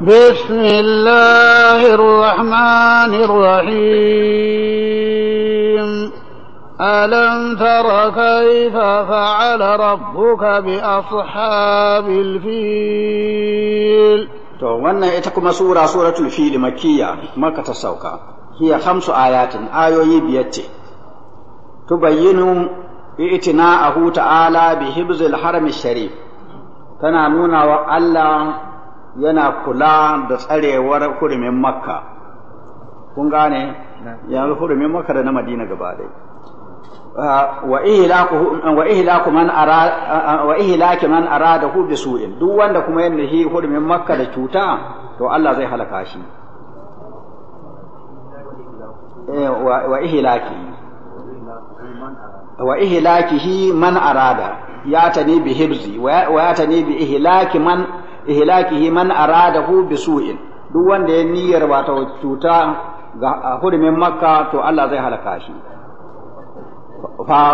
بسم الله الرحمن الرحيم ألم تر كيف فعل ربك بأصحاب الفيل to wannan ita kuma sura suratul fil makkiya maka ta sauka hiya khamsu ayatin ayoyi biyar ce tubayyinu ahu ta'ala bi hibzil harami sharif tana nuna wa Allah yana kula da tsarewar hurumin makka kun gane yanzu hurumin makka da na madina gaba ɗaya ah, wa ihilaki man ara da ah, ihlaki man aradahu duk wanda kuma ya nahi hurumin makka da cuta to Allah zai halaka shi eh, wa ihilaki. wa ihlakihi man arada ya tani bi hibzi wa ya tani bi ihilaki man ihlakihi man aradahu bisu'in duk wanda ya niyyar ta cuta ga hurumin makka to Allah zai halaka shi fa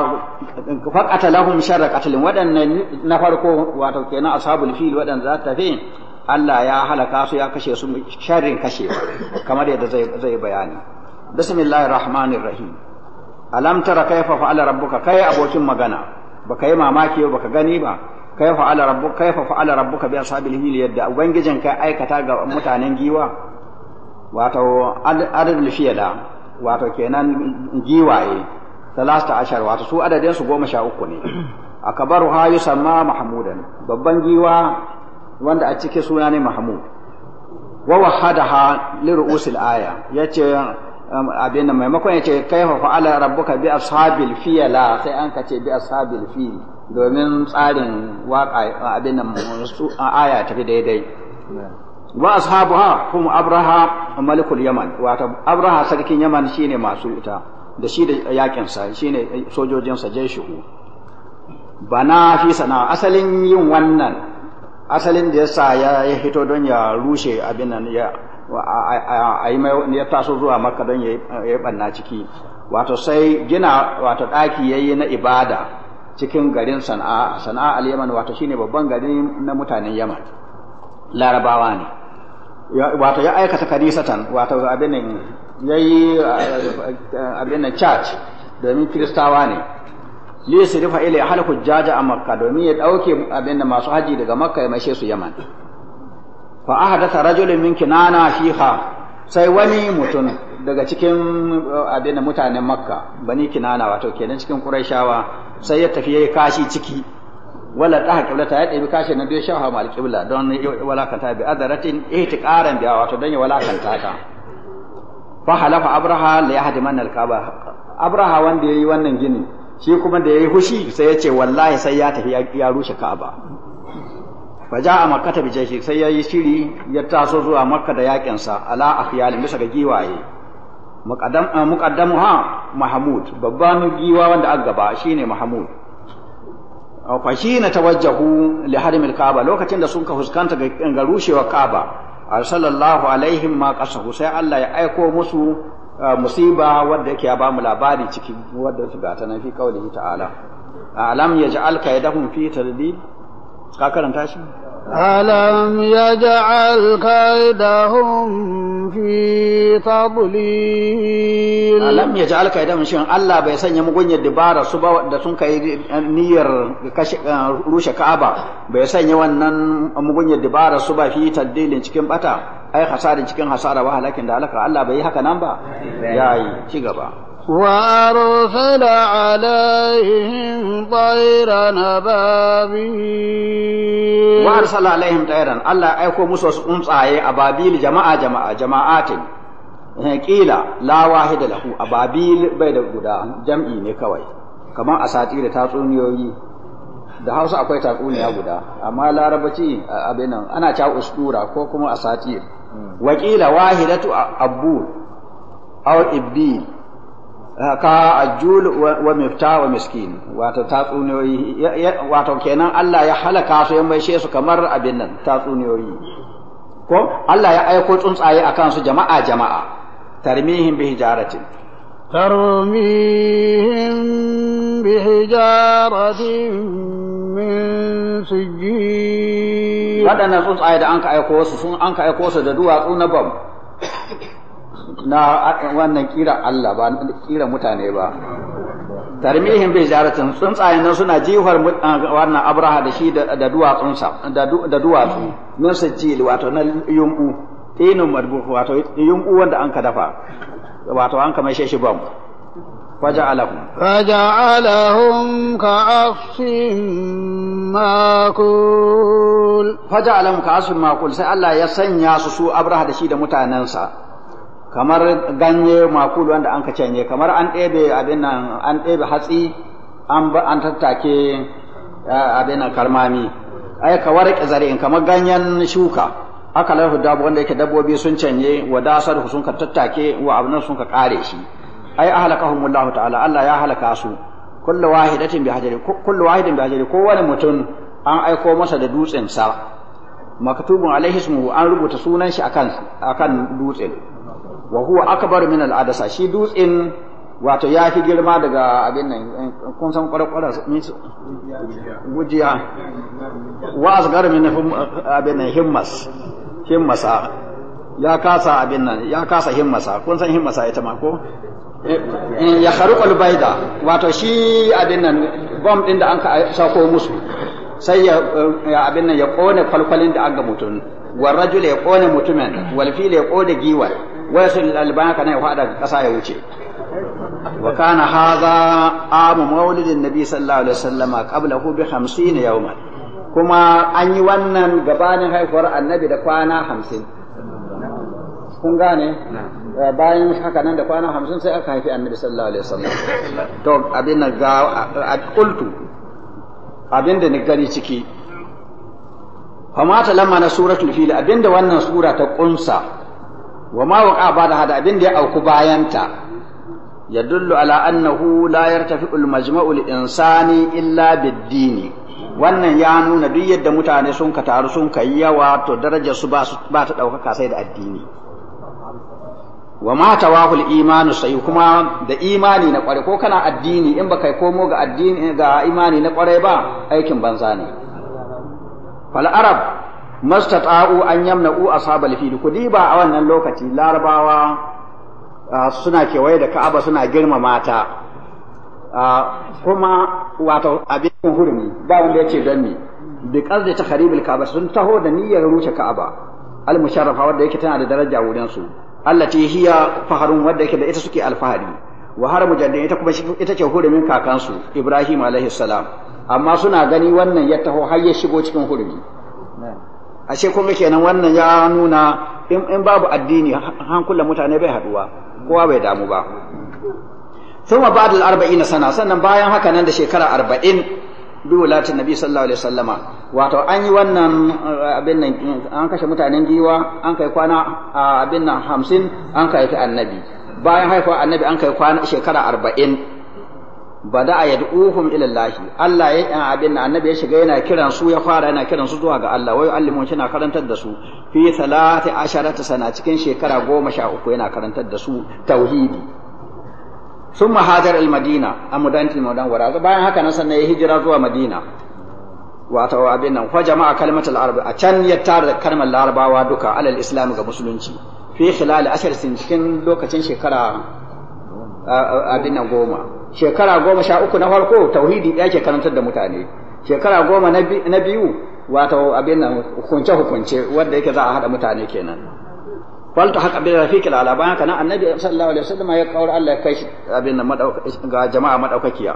qatalahum sharra qatlin wadannan na farko wato kenan ashabul fil wadan za ta fi Allah ya halaka su ya kashe su sharrin kashewa kamar yadda zai bayani bismillahir rahmanir rahim alam tara kaifa fa'ala rabbuka kai abokin magana baka yi mamaki ba baka gani ba Kaifa fa'ala rabbuka kai fa'ala rabbuka bi ashabil fil yadda ubangijin ka aikata ga mutanen giwa wato adadul fiyada wato kenan giwaye talasta ashar wato su adadin su goma sha uku ne akabaru ha yusamma mahmudan babban giwa wanda a cike suna ne mahmud wa wahadaha li ru'usil aya yace um, abin nan maimakon yace kaifa fa'ala rabbuka bi ashabil fiyala sai an kace bi ashabil fil domin tsarin waƙa abin nan su aya tafi daidai wa ha kuma abraha malikul yaman wato abraha sarkin yaman shine masu ita da shi da yakin sa shine sojojin sa jaishu bana fi sana asalin yin wannan asalin da yasa ya ya hito don ya rushe abin nan ya ai mai ya taso zuwa makka don ya yi banna ciki wato sai gina wato daki yayi na ibada cikin garin sana'a sana'a al-yaman wato shine babban gari na mutanen yaman larabawa ne wato ya aikata kanisatan wato abin nan yayi abin church domin kiristawa ne lisa sirifa ila hal jaja a makka domin ya dauke abin masu haji daga makka ya mashe su yaman fa ahadatha rajulun min kinana fiha sai wani mutum daga cikin abin mutanen makka bani kinana wato kenan cikin qurayshawa sai ya tafi yayi kashi ciki wala ta haƙibla ta ya ɗebi kashi na biyu shafa mal kibla don walakanta bi azaratin ƙaran biya wato don ya walakanta ta fa halafa abraha la al kaba. abraha wanda yayi wannan gini shi kuma da yayi hushi sai ya ce wallahi sai ya tafi ya rushe ka'aba fa ja'a makkata bi jayshi sai yayi shiri ya taso zuwa makka da yakin sa ala akhyalin bisa ga giwaye Ah, ha? mahmud babban giwa wanda aka gaba shine mahmud fa shi ta tawajjahu li harimil kaaba lokacin da sun ka fuskanta ga rushewa kaaba sallallahu alaihi ma qasahu sai Allah ya aiko musu ah, musiba wadda yake ya ba mu labari ciki wadda su gata nan fi qaulihi ta'ala alam yaj'al kaidahum fi tadlil ka karanta shi ألم يجعل كيدهم في تضليل ألم يجعل كيدهم شيئا ألا بيسن يمغن يدبار سبا دسون كي نير روش كعبة بيسن يوانن مغن يدبار سبا في تدليل شكيم بطا أي خسار شكيم hasara وحا لكن دعلك ألا Allah bai yi haka شكيم ba وأرسل عليهم طيرا أبابيل وأرسل عليهم طيرا الله أيكو أمس آي أبابيل جماعة جماعة جماعات قيل لا واحد له أبابيل بيد قدا جمعي نكوي كما أساتير تاتون يوي da hausa akwai tatsuniya guda amma larabaci abin nan ana ca ustura ko kuma asatir wakila wahidatu abbul aw ibbil ka ajul wa mifta wa miskin wato tatsuniyoyi wato kenan Allah ya halaka su ya maishe su kamar abin nan tatsuniyoyi ko Allah ya aiko tsuntsaye akan su jama'a jama'a tarmihim bi hijaratin tarmihim bi hijaratin min sijjin wadannan tsuntsaye da an ka aiko su sun anka aiko su da duwatsu na bam na wannan kira Allah ba kira mutane ba tarmihin bai ziyaratin tsuntsayen nan suna jihar wannan abraha da shi da duwatsunsa da duwatsu min sijil wato na yunku tinin madbu wato yunku wanda an ka dafa wato an ka mai shi bam فجعلهم فجعلهم كعصف ماكول فجعلهم كعصف makul, sai Allah ya sanya su su abraha da shi da mutanensa kamar ganye makul wanda an ka canye kamar an ɗebe abin nan an ɗebe hatsi an an tattake abin nan karmami ai ka warke in kamar ganyen shuka aka lafi dabu wanda yake dabbobi sun canye wa dasar sun ka tattake wa abin sun ka kare shi ai ahlakahum Allah ta'ala Allah ya halaka su kullu wahidatin bi hajari kullu wahidin bi hajari kowane mutum an aiko masa da dutsen sa maktubun alaihi ismuhu an rubuta sunan shi akan akan dutsen wa huwa akbar min adasa shi dutsin wato ya fi girma daga abin nan kun san kwarkwara gujiya wa asgar min abin nan himmas himmasa ya kasa abin nan ya kasa himmasa kun san himmasa ita ma ko eh, ya kharuqal bayda wato shi abin nan bomb din da an ka sako musu sai ya abin nan ya kone kwalkwalin da aga mutum wal rajul ya kone mutumin wal fil ya kone giwa wa yasul albana kana ya fada kasa ya wuce wa kana hadha amu maulidin nabi sallallahu alaihi wasallama qablahu bi 50 yawman kuma an yi wannan gabanin haihuwar annabi da kwana hamsin. kun gane bayan haka nan da kwana hamsin sai aka haifi annabi sallallahu alaihi wasallam to abin ga qultu abinda ni gani ciki famata lamma na suratul fil abinda wannan sura ta kunsa wa ma waqa ba'da hada abinda ya auku bayanta yadullu ala annahu la yartafi'u al-majma'u al-insani illa bid-dini wannan ya nuna duk yadda mutane sun ka taru sun kai yawa to darajar su ba ta ɗaukaka sai da addini wa mata wahul imanu sai kuma da imani na kware ko kana addini in baka komo ga addini ga imani na kware ba aikin banza ne fal arab mastata'u an yamna'u ashabal fil kudiba a wannan lokaci larabawa suna kewaye da ka'aba suna girmama ta kuma wato abin hurumi ba wanda yace don ni bi ta takhribil ka'aba sun taho da niyyar rushe ka'aba al musharrafa wanda yake tana da daraja wurin su Allah allati hiya faharun wadda yake da ita suke alfahari wa haramu jannatin ita kuma ita ce hurumin kakansu Ibrahim alaihi salam amma suna gani wannan ya taho har ya shigo cikin hurumi ashe kuma kenan wannan ya nuna in babu addini hankulan mutane bai haduwa kowa bai damu ba thumma ba'da al-arba'ina sana sannan bayan haka nan da shekara arba'in bi wulatin nabi sallallahu alaihi wasallama wato an yi wannan uh, abin nan an kashe mutanen giwa an kai kwana abin nan hamsin an kai ta annabi bayan haifa annabi an kai kwana shekara arba'in bada a yad'uhum ila Allah Allah ya abin nan annabi ya shiga yana kiran su ya fara yana kiran su zuwa ga Allah wai allimun shi na karantar da su fi salati asharata sana cikin shekara goma sha uku yana karantar da su tauhidi sun mahajar al-madina a mudanti mudan wara bayan haka nan sannan ya hijira zuwa madina wato abin nan fa jama'a kalmatul arab a can ya tara kalmar larabawa duka alal islam ga musulunci fi khilal ashar sin cikin lokacin shekara abin nan goma shekara goma sha uku na farko tauhidi ɗaya ke karantar da mutane shekara goma na biyu wato abin nan hukunce hukunce wanda yake za a haɗa mutane kenan falta haka bi rafiqil ala bayan kana annabi sallallahu alaihi wasallam ya kawar Allah ya kai shi abin nan ga jama'a madaukakiya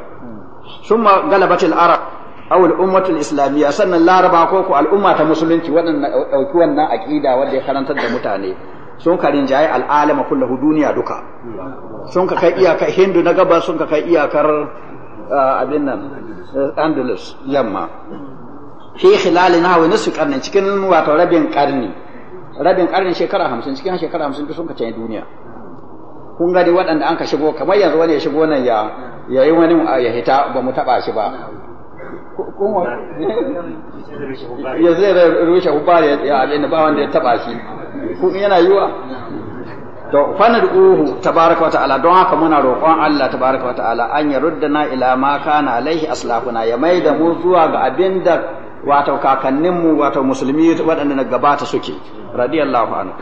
summa galabatil arab aw al ummatul islamiyya sannan laraba ko ko al umma ta musulunci wadannan dauki wannan aqida wanda ya karantar da mutane sun ka rinjaye al alama kullahu duniya duka sun ka kai iyakar hindu na gabas sun ka kai iyakar abin nan andalus yamma fi khilal nahwa nisfi qarni cikin wato rabin qarni rabin karnin shekara hamsin cikin shekara hamsin sun ka canyi duniya kun gani waɗanda an ka shigo kamar yanzu wani ya shigo nan ya ya yi wani ya hita ba mu taɓa shi ba ya zai rushe hubba ya abin ba wanda ya taɓa shi kun yana yiwa to uhu tabaraka wa ta'ala don haka muna roƙon Allah tabaraka wa ta'ala an ya na ila ma kana alaihi aslahuna ya maida mu zuwa ga abinda wato kakanninmu wato musulmi waɗanda na gabata suke radiyallahu anhu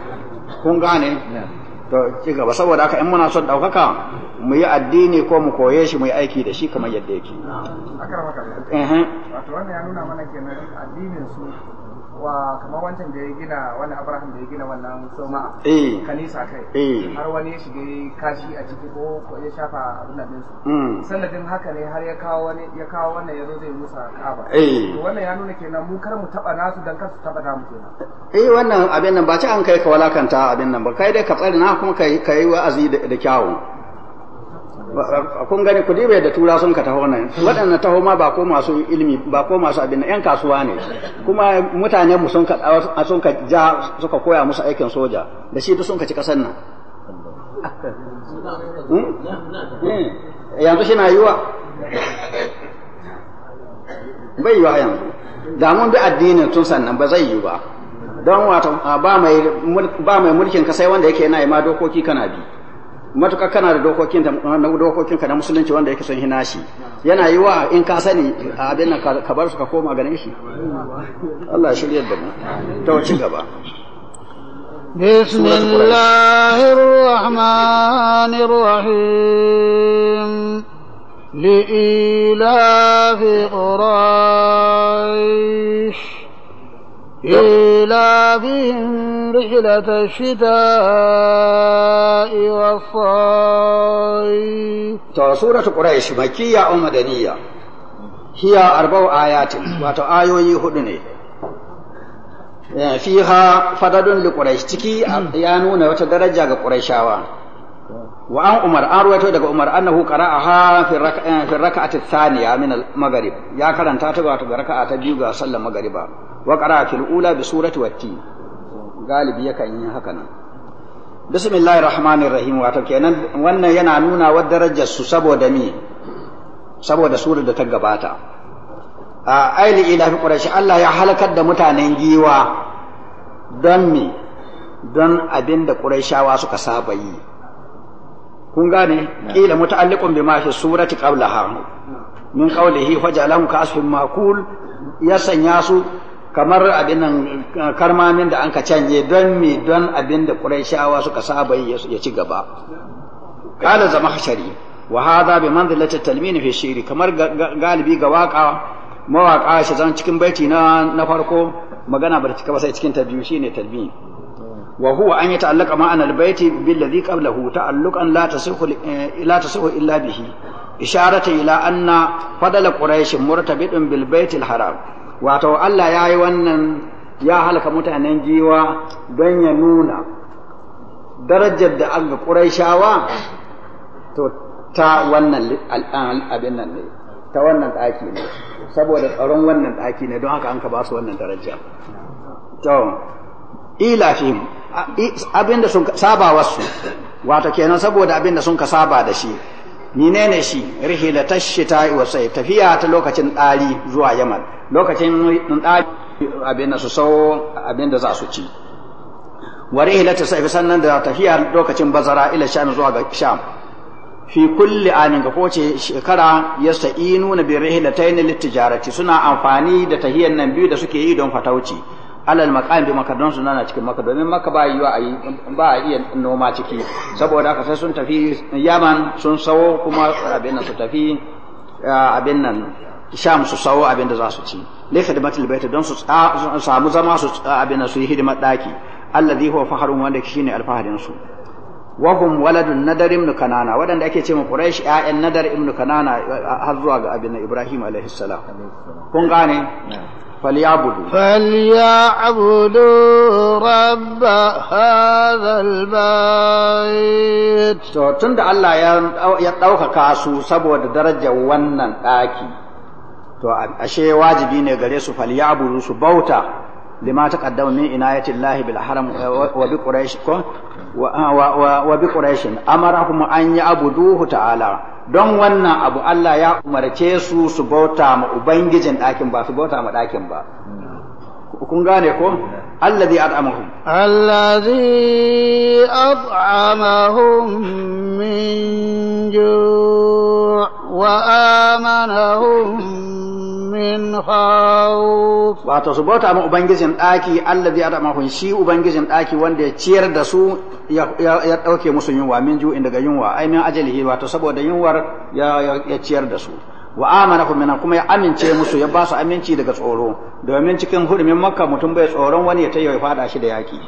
kun gane to ci gaba saboda haka in muna son ɗaukaka mu yi addini ko mu koye shi mu yi aiki da shi kamar yadda yake. wa kamar wancan da ya gina wani abraham da ya gina wannan soma eh. kanisa kai eh. har wani ya shiga kashi a ciki ko ya shafa abin nan su hmm. sanadin haka ne har ya kawo wani ya kawo wannan ya zo zai musa kaba eh. wannan ya nuna kenan mu kar mu taba nasu dan kar su taba da mu kenan eh wannan abin nan ba ci an kai ka walakanta abin nan ba kai dai ka tsare na kuma kai kai wa'azi da kyawu kun gani ku dibe da tura sun ka taho nan waɗannan taho ma ba ko masu ilimi ba ko masu abin yan kasuwa ne kuma mutane mu sun ka sun ka ja suka koya musu aikin soja da shi duk sun ka ci kasar nan hmm? Hmm. yanzu shi na yiwa bai yiwa yanzu da mun bi addinin tun sannan ba zai yi ba don wato ba mai mulkin ka sai wanda yake yana yi ma dokoki kana bi matuƙa kana da dokokin dokokin ka na musulunci wanda yake son hina shi yana yi wa in ka sani a abin nan ka bar su ka koma ganin shi Allah ya yadda da mu ta wacin gaba بسم الله الرحمن الرحيم إيلافهم رحلة الشتاء والصيف سورة قريش مكية أو مدنية هي أربع آيات وتآيوي هدني ciki ya nuna تكي daraja ga قريشاوان وعن عمر an ruwaito daga Umar annahu qara'aha fi rak'a eh, fi rak'ati thaniya min al ya karanta ta ga raka'a ta biyu ga sallar magriba Waƙar qara'a ula bi surati watti galibi yakan yi haka nan bismillahir rahmanir rahim wato kenan wannan yana nuna wa darajar su saboda me saboda surar da ta gabata a aili ila fi Allah ya halakar da mutanen giwa don me don abin da qurayshawa suka saba yi kun gane kila muta'alliqun bima fi surati qablaha min qawlihi fajalahu ka asfin maqul ya sanya su kamar abinan eh, karmamin da an ka canje don mi don abin da qurayshawa suka saba yi ya ci gaba qala zamahshari wa hadha bi manzilati talmin fi shi'ri kamar galibi ga waka mawaka shi zan cikin baiti na na farko magana ba ta cika ba sai cikin ta biyu shine talmin wa huwa an yata'allaqa ma ma'anar baiti bil ladhi qablahu ta'alluqan la eh, la illa bihi isharatan ila anna fadala quraish murtabitun bil baitil haram wato Allah ya yi wannan ya halaka mutanen giwa don ya nuna darajar da an ga ƙuraishawa to ta wannan abin nan ne ta wannan ɗaki ne saboda tsaron wannan ɗaki ne don haka an ka ba su wannan darajar. to ila fi abin da sun saba wasu wato kenan saboda abin da sun ka saba da shi ne ne shi rihilatash shita'i wa sai tafiya ta lokacin ɗari zuwa yamma. lokacin in abin da su sau abin da za su ci ila ta sai sannan da tafiya lokacin bazara ila sham zuwa ga sham fi kulli anin ga koce shekara yasta'inu na bi rihlatayn litijarati suna amfani da tahiyan nan biyu da suke yi don fatauci alal maqam bi makadon suna na cikin maka domin maka ba yiwa ayi ba a iya noma ciki saboda haka sai sun tafi yaman sun sawo kuma abin nan su tafi ah, abin nan sham su sawo abin da za su ci li khidmatil bait don su samu zama su abin da su yi hidimar daki allazi huwa faharun wanda shine alfaharin su wa hum waladun nadar ibn kanana wadanda ake cewa quraish ya'yan nadar ibn kanana har zuwa ga abin ibrahim alaihi salam kun gane فليعبدوا فليعبدوا رب هذا البيت to tunda Allah ya ɗaukaka su saboda darajar wannan ɗaki. to ashe wajibi ne gare su falyabudu su bauta lima taqaddama min inayati lahi bil haram eh, wa bi quraish ko wa ah, bi quraish amarahum an ya'buduhu ta'ala don wannan abu Allah ya umarce su su bauta ma ubangijin ɗakin ba su bauta ma ɗakin ba kun gane ko allazi at'amahum allazi at'amahum min ju' wa amanahum min khawf wato su bauta ma ubangijin daki allazi at'amahum shi ubangijin daki wanda ya ciyar da su ya dauke musu yunwa min ju'in daga yunwa ai min ajalihi wato saboda yunwar ya ciyar da su wa amanakum minan kuma ya amince musu ya ba su aminci daga tsoro domin cikin hurumin makka mutum bai tsoron wani ya tayi ya fada shi da yaki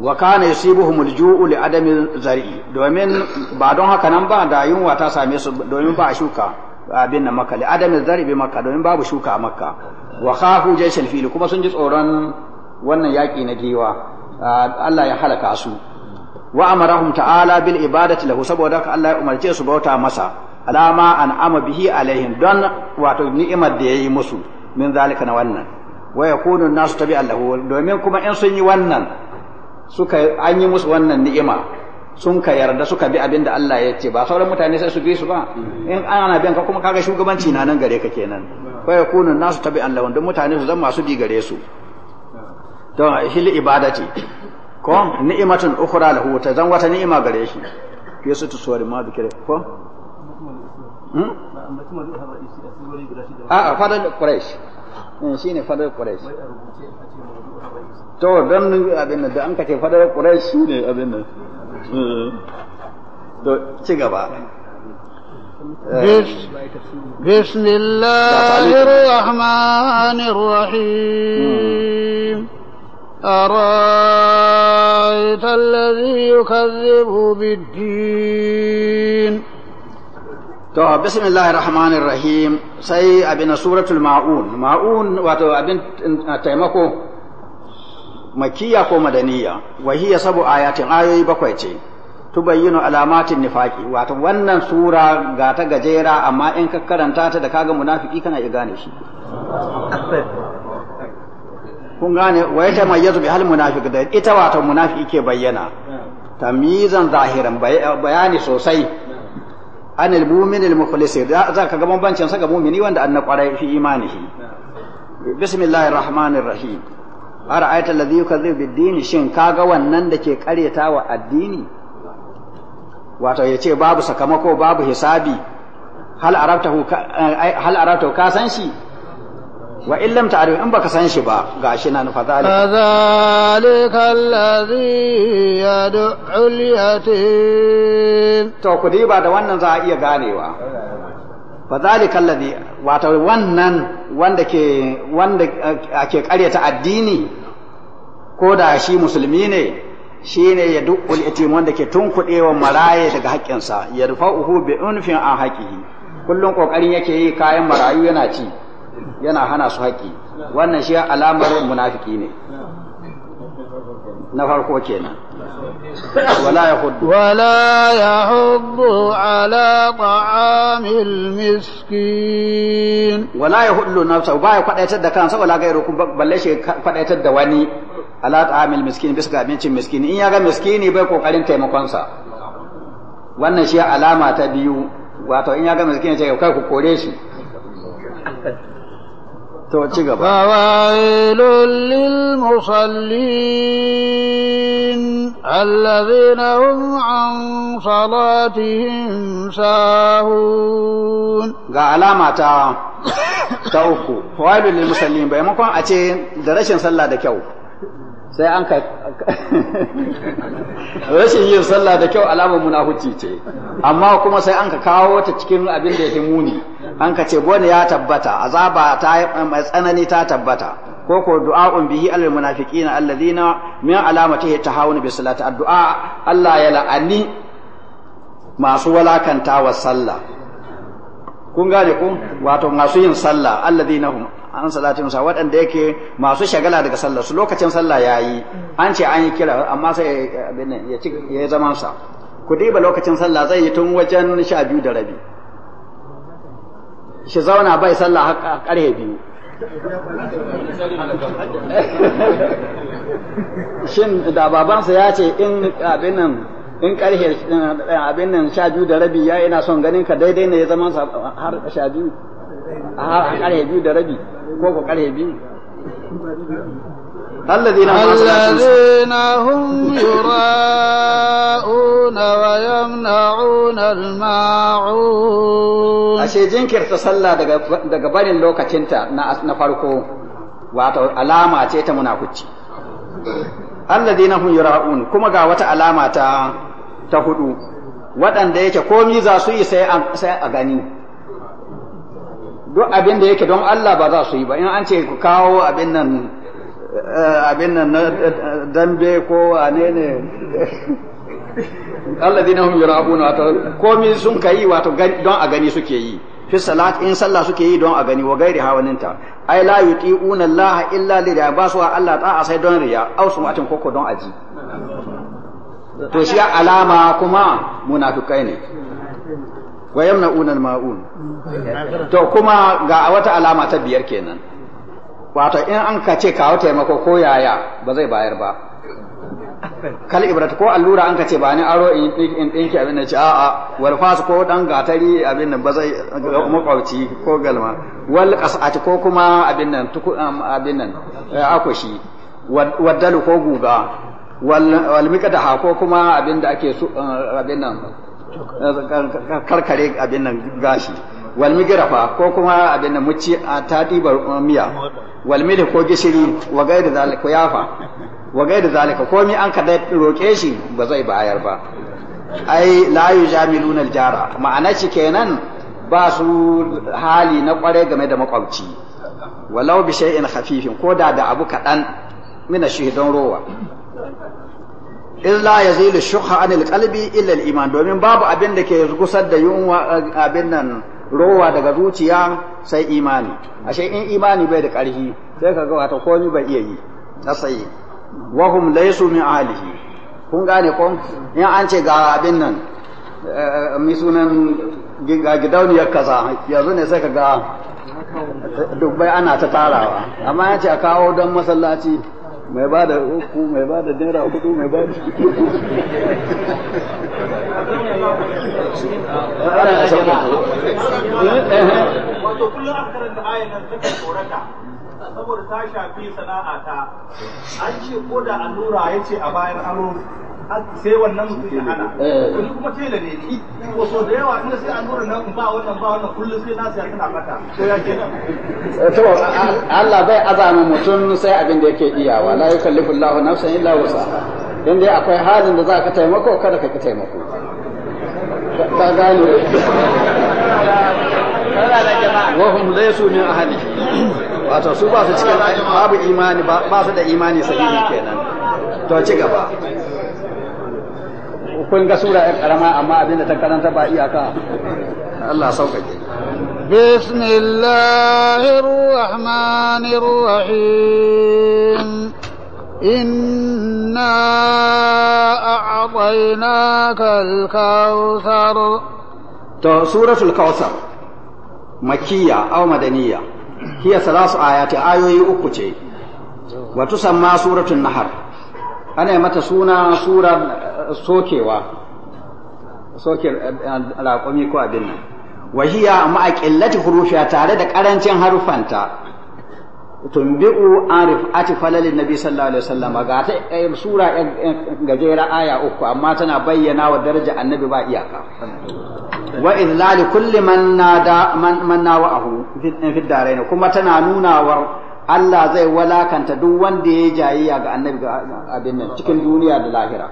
wa kana yusibuhum ju'u li adami zari'i domin ba don haka nan ba da yunwa ta same su domin ba a shuka abin na makka li adami zari'i bi makka domin babu shuka a makka wa khafu jaysal fil kuma sun ji tsoron wannan yaki na giwa Allah ya halaka su wa amarahum ta'ala bil ibadati lahu saboda Allah ya umarce su bauta masa alama an ama bihi alaihim don wato ni'imar da yayi musu min zalika na wannan wa yakunu nasu tabi lahu domin kuma in sun yi wannan suka an yi musu wannan ni'ima sun ka yarda suka bi abin da Allah ya ce ba sauran mutane sai su bi su ba in ana bin ka kuma kaga shugabanci na nan gare ka kenan wa yakunu nasu tabi lahu don mutane su zama masu bi gare su don hil ibadati ko ni'imatun ukhra lahu ta zan wata ni'ima gare shi yasu tusuwar ma bikire ko Hmm? a'a fadar quraish hmm, shi ne fadar quraish to don abin da an kace fadar quraish shi ne abin nan hmm. to ci gaba بسم الله الرحمن الرحيم أرأيت الذي يكذب بالدين to bismillahir rahmanir rahim sai abin suratul maun maun wato abin taimako makiya ko madaniya wa hiya sabu ayatin ayoyi bakwai ce tubayyinu alamatin nifaki wato wannan sura ga ta gajera amma in ka karanta ta da kaga munafiki kana iya gane shi kun gane wa mai yazu bi hal munafiq da ita wato munafiki ke bayyana tamizan zahiran bayani sosai anil mu'min al mukhlis za ka ga bambancin sa ga mu'mini wanda an kwarai fi imanihi bismillahir rahmanir rahim ara'aita alladhi yukazzibu bid-din shin kaga wannan da ke karyatawa addini wato yace babu sakamako babu hisabi hal arabtahu eh, hal arabtahu ka san shi wa in ta'rif in baka san shi ba gashi nan fa zalika zalika allazi yad'ul yatim to ku ba da wannan za a iya ganewa fa zalika allazi wato wannan wanda ke wanda eh, ake addini ko da shi musulmi ne shi ne ya dukul yatim wanda ke tunkudewa maraye daga haƙƙinsa yarfa'uhu bi unfin an haƙihi kullum kokarin yake yi kayan marayu yana ci yana hana su haƙi wannan shi alamar munafiki ne na farko kenan wala ya hudu wala ya hudu ala ta'amil miskin wala ya hudu nafsa ba ya kwadaitar da kansa wala gairu ku balle shi kwadaitar da wani ala ta'amil miskin bisa ga abincin miskin in ya ga miskini bai kokarin taimakon sa wannan shi alama ta biyu wato in ya ga miskin ya ce kai ku kore shi to ci gaba fawailul lil musallin ga alama ta ta uku fawailul lil musallin bai makon a ce da rashin sallah da kyau sai an ka rashin yin sallah da kyau alamar munafuci ce amma kuma sai an ka kawo ta cikin abin da yake muni an ka ce bone ya tabbata azaba ta mai tsanani ta tabbata ko ko du'a'un bihi alal munafiqina alladhina min alamatihi tahawun bi salati addu'a Allah ya la'ani masu walakanta wa sallah kun gane ku wato masu yin sallah alladhina hum an salatin musa waɗanda yake masu shagala daga sallar su lokacin sallah ya yi an ce an yi kira amma sai ya ci ya zaman sa ku diba lokacin sallah zai yi tun wajen sha biyu da rabi shi zauna bai sallah har karhe biyu shin da babansa ya ce in abin nan in karhe abin nan sha biyu da rabi ya ina son ganin ka daidai ne ya zaman sa har sha biyu a ƙarfe biyu da rabi ko ko ƙarfe biyu الذين الذين هم يراءون ويمنعون الماعون ashe jinkirta sallah daga daga barin lokacinta na farko wato alama ce ta munafici alladina hum yura'un kuma ga wata alama ta ta hudu waɗanda yake komi za su yi sai a gani duk abin da yake don Allah ba za su yi ba in an ce ku kawo abin nan eh, abin nan na eh, dambe ko wane ne Allah dina hum wato komi sun kai wato don a gani suke yi fi salat in sallah suke yi don a gani wa gairi hawaninta ai la yuti'una Allah illa li da ba su Allah ta'a sai don riya su matin koko don aji to shi alama kuma munafikai ne wa yamna unan maun to kuma ga wata alama ta biyar kenan wato in an ka ce kawo taimako ko yaya ba zai bayar ba kal ibrat ko allura an ka ce ba ni aro in dinki abin da ci a'a wal fas ko dan gatari abin nan ba zai makwabci ko galma wal qas'at ko kuma abin nan tuku abin nan eh, akoshi waddalu ko guga wal ha ko kuma abin da ake eh, abin nan karkare abin nan gashi walmi girafa ko kuma abin nan muci a tadi uh, miya Walmi da ko gishiri wa da zalika yafa wa da zalika mi an ka d'a roke shi ba zai bayar ba ai la yujamiluna al jara ma'ana shi kenan ba su hali na kware game da makwabci walau bi shay'in khafifin ko da da abu kadan mina don rowa illa ya zai shukha anil qalbi illa al iman domin babu abin da ke gusar da yunwa abin nan rowa daga zuciya sai imani ashe in imani bai da ƙarfi sai ka ga wato komai bai iya yi ta sai wa hum laysu min alihi kun gane ko in an ce ga abin nan eh, mi sunan kaza yanzu ne sai ka ga dubbai ana ta tarawa amma ya ce a kawo don masallaci mai ba da uku mai ba da naira hudu mai ba da saboda ta shafi sana'a ta an ce ko da allura ya ce a bayan aro sai wannan mutum ya hana wani eh. kuma tela ne ni ko da yawa inda sai allura nan ba wannan ba wannan kullum sai na siya tana mata ya ke eh, to Allah bai azama mutum sai abin da yake iyawa la yukallifu Allahu nafsan illa wusa dai akwai halin da za ka taimako kada ka ki taimako ka gane wa hum laysu min ahlihi wato su ba su cikin babu imani ba su da imani sahihi kenan to ci gaba kun ga sura ɗan ƙarama amma abinda ta karanta ba iyaka Allah sauƙaƙe بسم الله الرحمن الرحيم إنا أعطيناك الكوثر سورة الكوثر مكية أو مدنية hiya salasu ayati ayoyi uku ce wa tusamma suratul nahar ana mata suna surar eh, sokewa soke eh, raƙumi ko abin nan wa hiya amma a qillati tare da karancin harufanta tunbi'u arif ati falalin nabi sallallahu alaihi wasallam ga ta eh, sura gajera aya uku amma tana bayyana wa daraja annabi ba iyaka wa izlali kulli man nada man nawa'ahu fi darain kuma tana nunawar Allah zai walakanta duk wanda ya jayayya ga annabi ga abin nan cikin duniya da lahira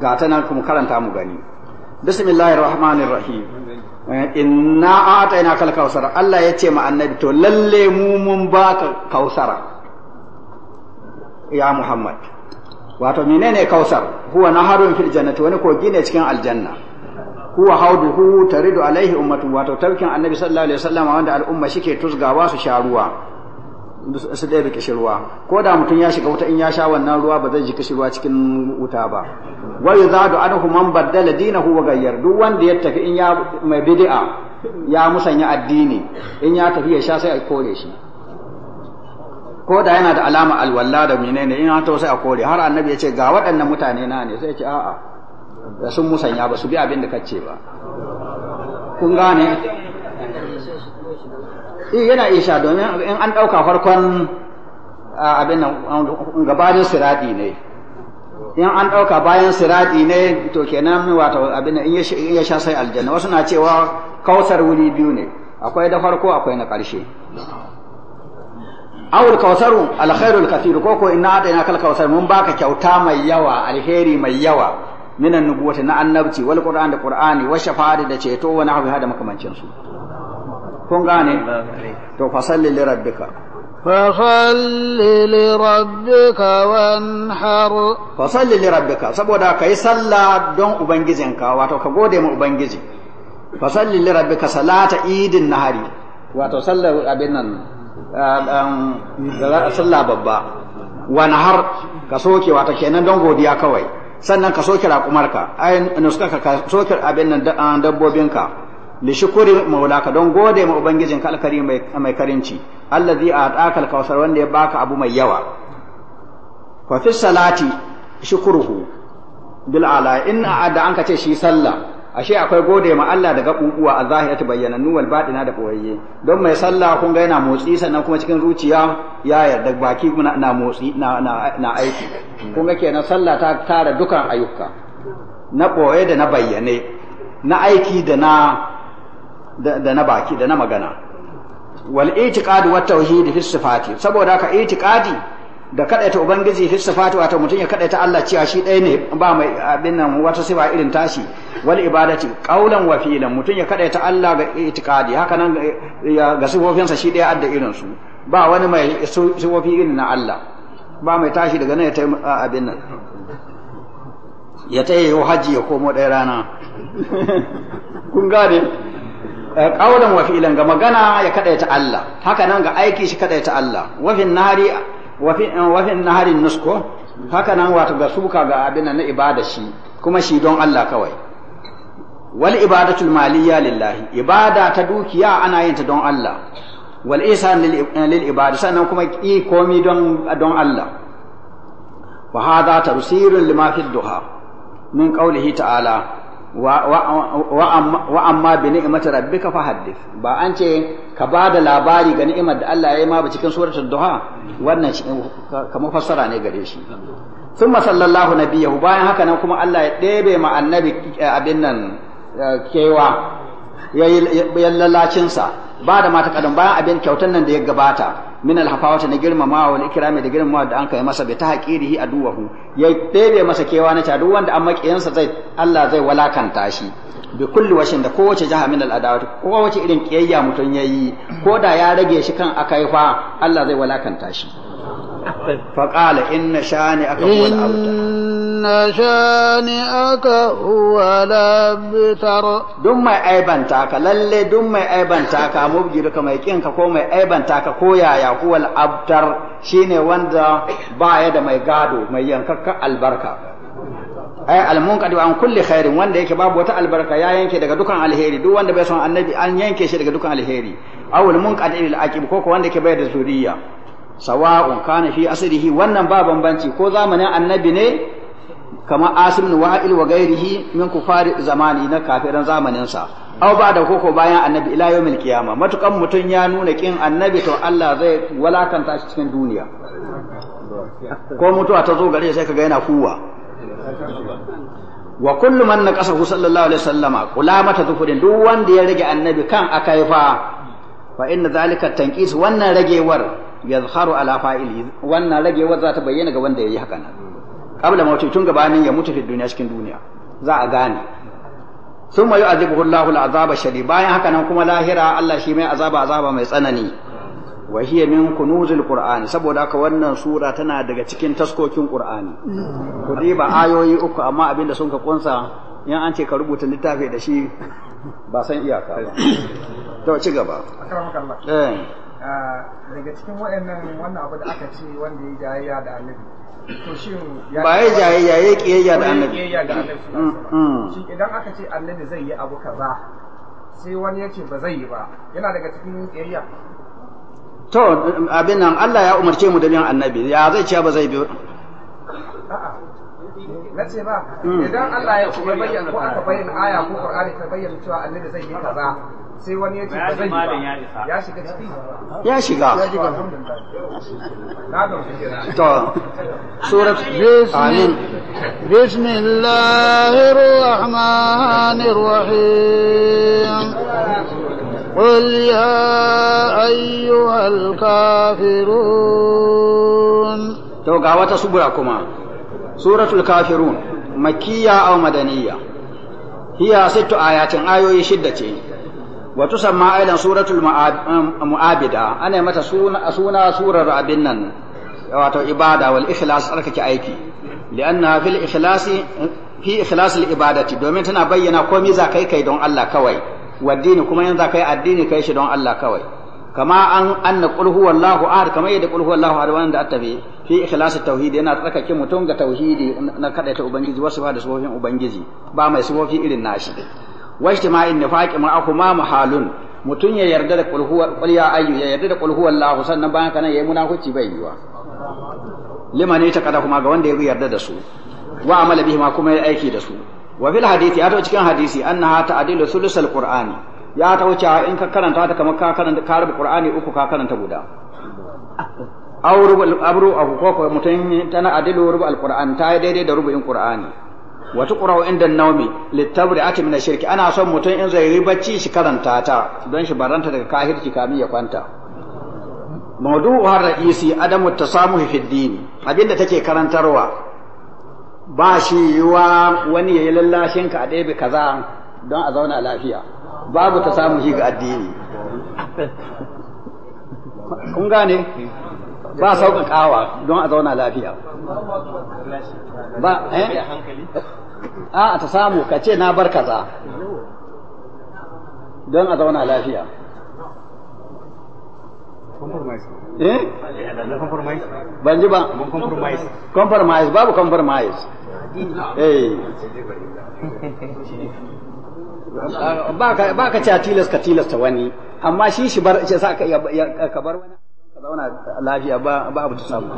ga ta nan kuma karanta mu gani bismillahir rahmanir rahim inna ataina kal kausara Allah ya ce ma annabi to lalle mu mun baka kausara ya Muhammad wato menene kausar huwa naharun fil jannati wani kogi ne cikin aljanna huwa hauduhu taridu alaihi ummatu wato tafkin annabi sallallahu alaihi wasallam wanda al'umma shike tusgawa su sha ruwa su ɗaya da ruwa ko da mutum ya shiga wuta in ya sha wannan ruwa ba zai ji kishirwa cikin wuta ba wa yuzadu anhu man baddala dinahu wa gayyar duk wanda ya tafi in ya mai bid'a ya musanya addini in ya tafi ya sha sai a kore shi ko da yana da alama alwala da menene in ya to sai a kore har annabi ya ce ga waɗannan mutane na ne sai ya ce a'a da sun musanya ba su bi abin da kace ba kun gane eh yana isha domin in an ɗauka farkon abin nan gabanin siradi ne in an ɗauka bayan siradi ne to kenan wato abin in ya sha sai aljanna wasu na cewa kausar wuri biyu ne akwai da farko akwai na ƙarshe awul kautsaru alkhairul kathiru ko ina inna adaina kal kautsar mun baka kyauta mai yawa alheri mai yawa minan nubuwati na annabci wal qur'an da qur'ani wa shafa'ati da ceto wa nahwi hada makamancin su kun gane to fasalli li rabbika fasalli li rabbika wanhar salli li rabbika saboda kai sallah don ubangijinka wato ka gode ma ubangiji salli li rabbika salata idin nahari wato sallar abin nan ah, um, sallah babba wa nahar ka soke wato kenan don godiya kawai sannan ka soke raƙumarka ai nuska ka soke abin nan dabbobinka li shukuri maulaka don gode ma ubangijin ka alkari mai karinci allazi ataka alkausar wanda ya baka abu mai yawa fa fi salati shukruhu bil ala in da an ka ce shi sallah ashe akwai gode ma Allah da gabubuwa a ta bayyana wal baɗina da koyayye don mai sallah kun ga yana motsi sannan kuma cikin zuciya ya yarda baki na, na motsi na, aiki kun ga kenan sallah ta tara dukan ayyuka na koye da na bayyane na aiki da na da, na baki da na magana wal itiqad wat fi sifati saboda ka itiqadi da kadaita ubangiji fi sifati wato mutum ya kadaita Allah cewa shi ɗaya ne ba mai abin nan wata ba irin tashi wal ibadati qaulan wa fi'lan mutum ya kadaita Allah ga itikadi haka nan ga sa shi ɗaya adda irin su ba wani mai sifofi irin na Allah ba mai tashi daga nan ya tai abin nan ya tai yau haji ya komo ɗaya rana kun gane eh, qaulan wa fi'lan ga magana ya kadaita Allah haka nan ga aiki shi kadaita Allah wa fi nari wafin eh, naharin nusko haka nan wato ga suka ga abin na ibada shi kuma shi don Allah kawai wal ibadatul maliyya lillahi ibada ta dukiya ana yin ta don Allah wal ihsan lil eh, ibada sannan kuma i komi don don Allah wa hadha tafsirun lima fi duha min qawlihi ta'ala wa amma bi ni'mati rabbika fahaddith ba an ce ka ba da labari ga ni'imar da Allah ya yi ma ba cikin suratul duha wannan kamar fassara ne gare shi masallallahu na biyahu. bayan haka nan kuma Allah ya ɗebe ma annabi eh, abin nan eh, kewa ya lalacinsa. ba da mata kadan bayan abin kyautan nan da ya gabata min alhafawata na girmamawa wal ikrami da girmamawa da an kai masa bi tahqirihi aduwahu ya ɗebe masa kewa na ta duk wanda an maƙiyansa zai Allah zai walakanta shi bi kulli washin da kowace jaha min al'adawati kowace irin kiyayya mutum yayi ko da ya rage shi kan akai fa Allah zai walakanta shi fa qala inna shani aka huwa al inna shani aka huwa al-abtar mai aibanta ka lalle dun mai aibanta ka mubjiru ka mai kinka ko mai aibanta ka ko yaya huwa al-abtar shine wanda baya da mai gado mai yankakka albarka ay almunqadi an kulli khairin wanda yake babu wata albarka ya yanke daga dukan alheri duk wanda bai son annabi an yanke shi daga dukan alheri aw almunqadi lil aqib ko ko wanda yake bai da zuriya sawa'un kana fi asrihi wannan ba bambanci ko zamanin annabi ne kama asim ibn wa'il wa ghairihi min kufari zamani na kafiran zamanin sa aw ba da koko bayan annabi ila yawmil qiyama matukan mutun ya nuna kin annabi to Allah zai walakanta shi cikin duniya ko mutuwa ta zo gare sai kaga yana kuwa wa kullum man naqasahu sallallahu alaihi wasallama qulamata zufurin duk wanda ya rage annabi kan akaifa fa inna zalika tanqis wannan ragewar yazharu ala fa'ili wannan ragewar za ta bayyana ga wanda yayi haka nan qabla mauti tun gabanin ya mutu fi duniya cikin duniya za a gane thumma yu'adhibuhu Allahu al'azaba shadid bayan haka nan kuma lahira Allah shi mai azaba azaba mai tsanani wa hiya min kunuzil qur'ani saboda haka wannan sura tana daga cikin taskokin qur'ani ku ba ayoyi uku amma abin da sun ka kunsa in an ce ka rubuta littafi da shi ba san iyaka ba to ci gaba eh. ah, daga cikin waɗannan wannan abu da aka ce wanda ya jayayya da annabi to shi ba ya jayayya ya kiyayya da annabi mm, mm. shi idan aka ce annabi zai yi abu kaza sai wani ya ce ba zai yi ba yana daga cikin kiyayya to abin nan Allah ya umarce mu da bin annabi ya zai ce ba zai biyo. na ce ba hmm. idan Allah ya kuma bayyana ko aka bayyana aya ko Qur'ani ta bayyana cewa annabi zai yi kaza sai wani ya ce ba zai yi ba ya shiga ciki ya shiga to surat amin bismillahir rahmanir rahim قل يا أيها الكافرون توقع وتصبركما سورة الكافرون مكية أو مدنية هي ست آيات آية شدة وتسمى أيضا سورة المعابدة أنا متى سونا سورة أبنن wato ibada wal ikhlas tsarkake aiki li'anna fil ikhlasi fi ikhlas al ibadati domin tana bayyana komai za kai kai don Allah kawai waddini kuma yanzu kai addini ka yi shi don Allah kawai kama an anna qul huwallahu ahad kama yadda qul huwallahu ahad wanda attabi fi ikhlas tauhid yana tsarkake mutum ga tauhidi na ta ubangiji wasu ba da sufofin ubangiji ba mai sufofi irin nashi wajtima'in nifaqi ma'ahuma muhalun mutum ya yarda da qul huwa qul ya ayyu ya yarda da qul huwallahu sannan bayan kana yayi munafici bai yiwa limani ta kada kuma ga wanda ya yarda da su wa amala bihi ma kuma ya aiki da su wa bil hadisi ya cikin hadisi annaha ta'dilu sulusal qur'ani ya ta wuce in ka karanta ta kamar ka karanta ka rubu qur'ani uku ka karanta guda aw rubu abru aw ko mutum tana adilu rubu al-qur'an ta daidai da rubu'in qur'ani wa qura'u inda an-nawmi litabri'ati min ash shirki ana son mutum in zai yi shi karanta ta don shi baranta daga kahirci kamin ya kwanta mawdu'uha ra'isi adamu tasamuhi fi din abinda take karantarwa ba shi yiwa wani ya yi lallashin ka a ɗebe kaza don a zauna lafiya babu ta samu shi ga addini kun gane ba sauƙaƙawa don a zauna lafiya ba eh a ta samu ka ce na bar kaza don a zauna lafiya eh ban ji ba compromise babu compromise eh ah, ba ka cewa tilas ka tilasta wani amma shi shi bar shi sa ka bar wani ka zauna lafiya ba ba abu da samu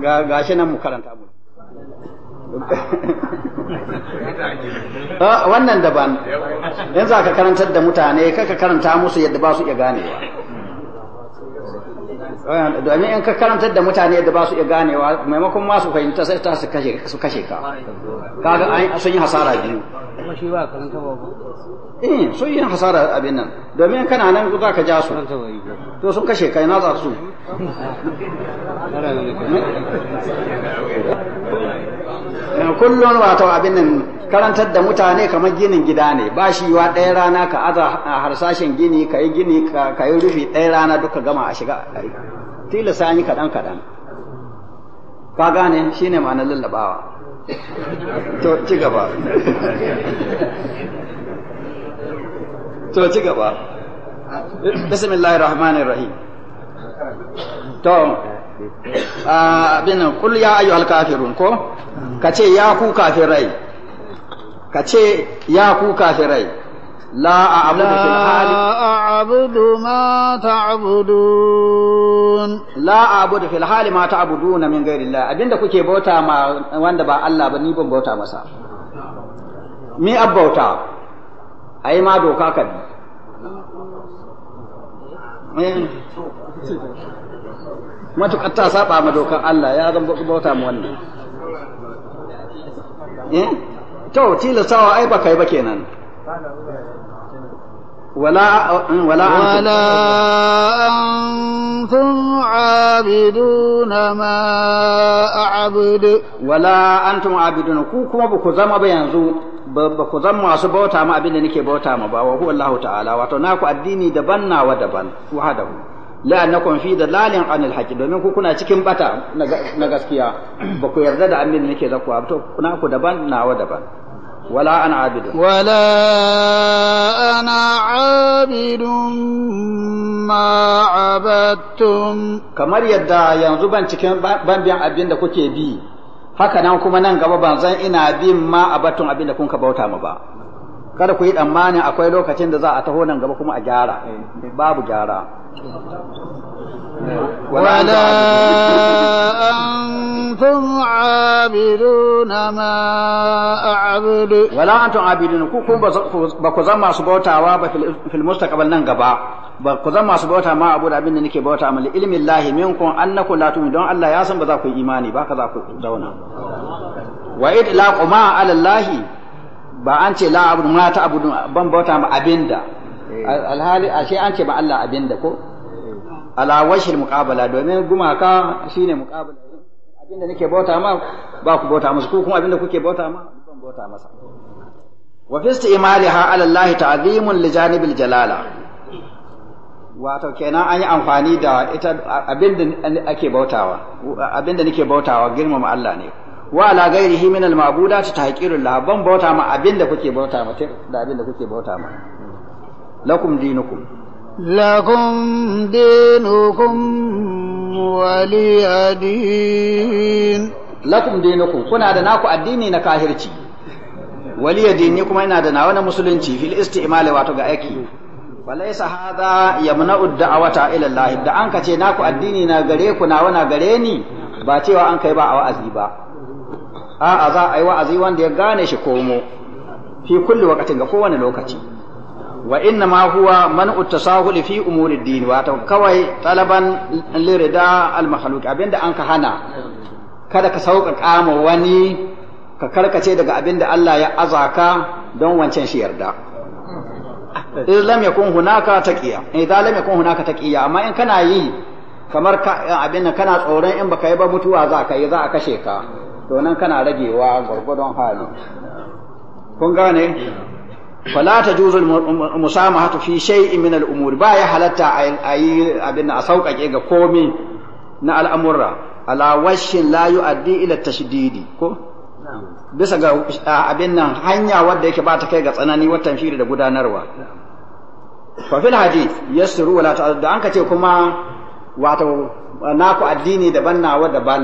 ga gashi nan mu karanta mu ah, wannan daban yanzu ka karantar da mutane kaka karanta musu yadda ba su iya ganewa domin in ka karantar da mutane da ba su iya ganewa maimakon ma su fahimta sai ta su kashe su kashe ka kaga an sun yi hasara biyu kuma shi ba karanta ba eh sun yi hasara abin nan domin kana nan za ka ja su to sun kashe kai na za su kullum wato abin nan karantar da mutane kamar ginin gida ne ba shi wa ɗaya rana ka aza harsashen gini ka yi gini ka yi rufi ɗaya rana duka gama a shiga tilasa yi kaɗan kaɗan ka gane shi ne ma'anar lallabawa to ci gaba to ci gaba bismillahir rahmanir rahim to Ah, abin nan kul ya ayyuhal kafirun ko ka ce ya ku kafirai ka ce ya ku kafirai la a'budu fil hali la a'budu ma ta'budun la a'budu fil hali ma ta'budun min ghairillah abinda kuke bauta ma wanda ba Allah ba ni ban bauta masa mi abbauta ai ma doka ka bi eh. matuƙar ta saba ma dokan Allah ya zan bauta mu wannan eh to tilastawa ai ba kai ba kenan ولا ولا ولا أنتم عابدون kuma ba ku zama ba yanzu ba ku zama masu bauta ma abin da nake bauta ma ba wa huwa Allah ta'ala wato naku addini daban wa daban wahadahu la'annakum fi dalalin anil haqqi domin ku kuna cikin bata na gaskiya ba ku yarda da abin nake zakuwa to kuna ku daban nawa daban wala ana abidun wala ana abidun ma abattum kamar yadda yanzu ban cikin ban biyan abin da kuke bi haka nan kuma nan gaba ban zan ina bin ma abattum abin da kun ka bauta mu ba kada ku yi tsammanin akwai lokacin da za taho nan gaba kuma a gyara eh. babu gyara wala antum abiduna ma ba ku masu bautawa ba fil mustaqbal nan gaba ba ku masu bauta ma abu da abinda nake bauta amma ilmin lahi minkum annaku la tu'minu don Allah ya san ba za ku yi imani ba ka za ku zauna wa idlaquma ala allahi ba an ce la abu ma ta abudu ban bauta ma abinda eh. alhali ashe an ce ba Allah abinda ko ala washil muqabala domin gumaka shine muqabala abinda nake bauta ma ba ku bauta musu ku kuma abinda kuke bauta ma ban bauta masa wa fi istimaliha ala Allah ta'zimun li janibil jalala wato kenan an yi amfani da ita abinda ake bautawa abinda nake bautawa girmama Allah ne wa ala gairihi min al-ma'budat tahqirul la ban bauta ma abinda kuke bauta ma da abinda kuke bauta ma lakum dinukum lakum dinukum waliyadin lakum dinukum kuna da naku addini na kahirci waliyadin kuma ina da nawa na musulunci fil isti'mal wato ga aiki falaisa hadha yamna'u da'awata ila Allah da an kace naku addini na gare ku na wana gare ni ba cewa an kai ba a wa'azi ba a'a za a yi wa'azi wanda ya gane shi komo fi kulli waqtin ga kowane lokaci wa inna ma huwa man uttasahul fi umuri din ta kawai talaban lirida al makhluq abinda an ka hana kada ka sauka kama wani ka karkace daga abinda Allah ya azaka don wancan shi yarda idan lam yakun hunaka taqiya idan lam yakun hunaka taqiya amma in kana yi kamar abin nan kana tsoron in baka yi ba mutuwa za ka yi za a kashe ka to nan kana ragewa gwargwadon hali kun gane fala ta juzul musamahatu fi shay'in min al-umur ba ya halatta ayi abin a sauƙaƙe ga komi na al'amurra ala washin la yu'addi ila tashdidi ko bisa ga abin nan hanya wadda yake ba ta kai ga tsanani watan shiri da gudanarwa fa fil hadith yasru wala ta'addu an ka ce kuma wato naku addini daban nawa daban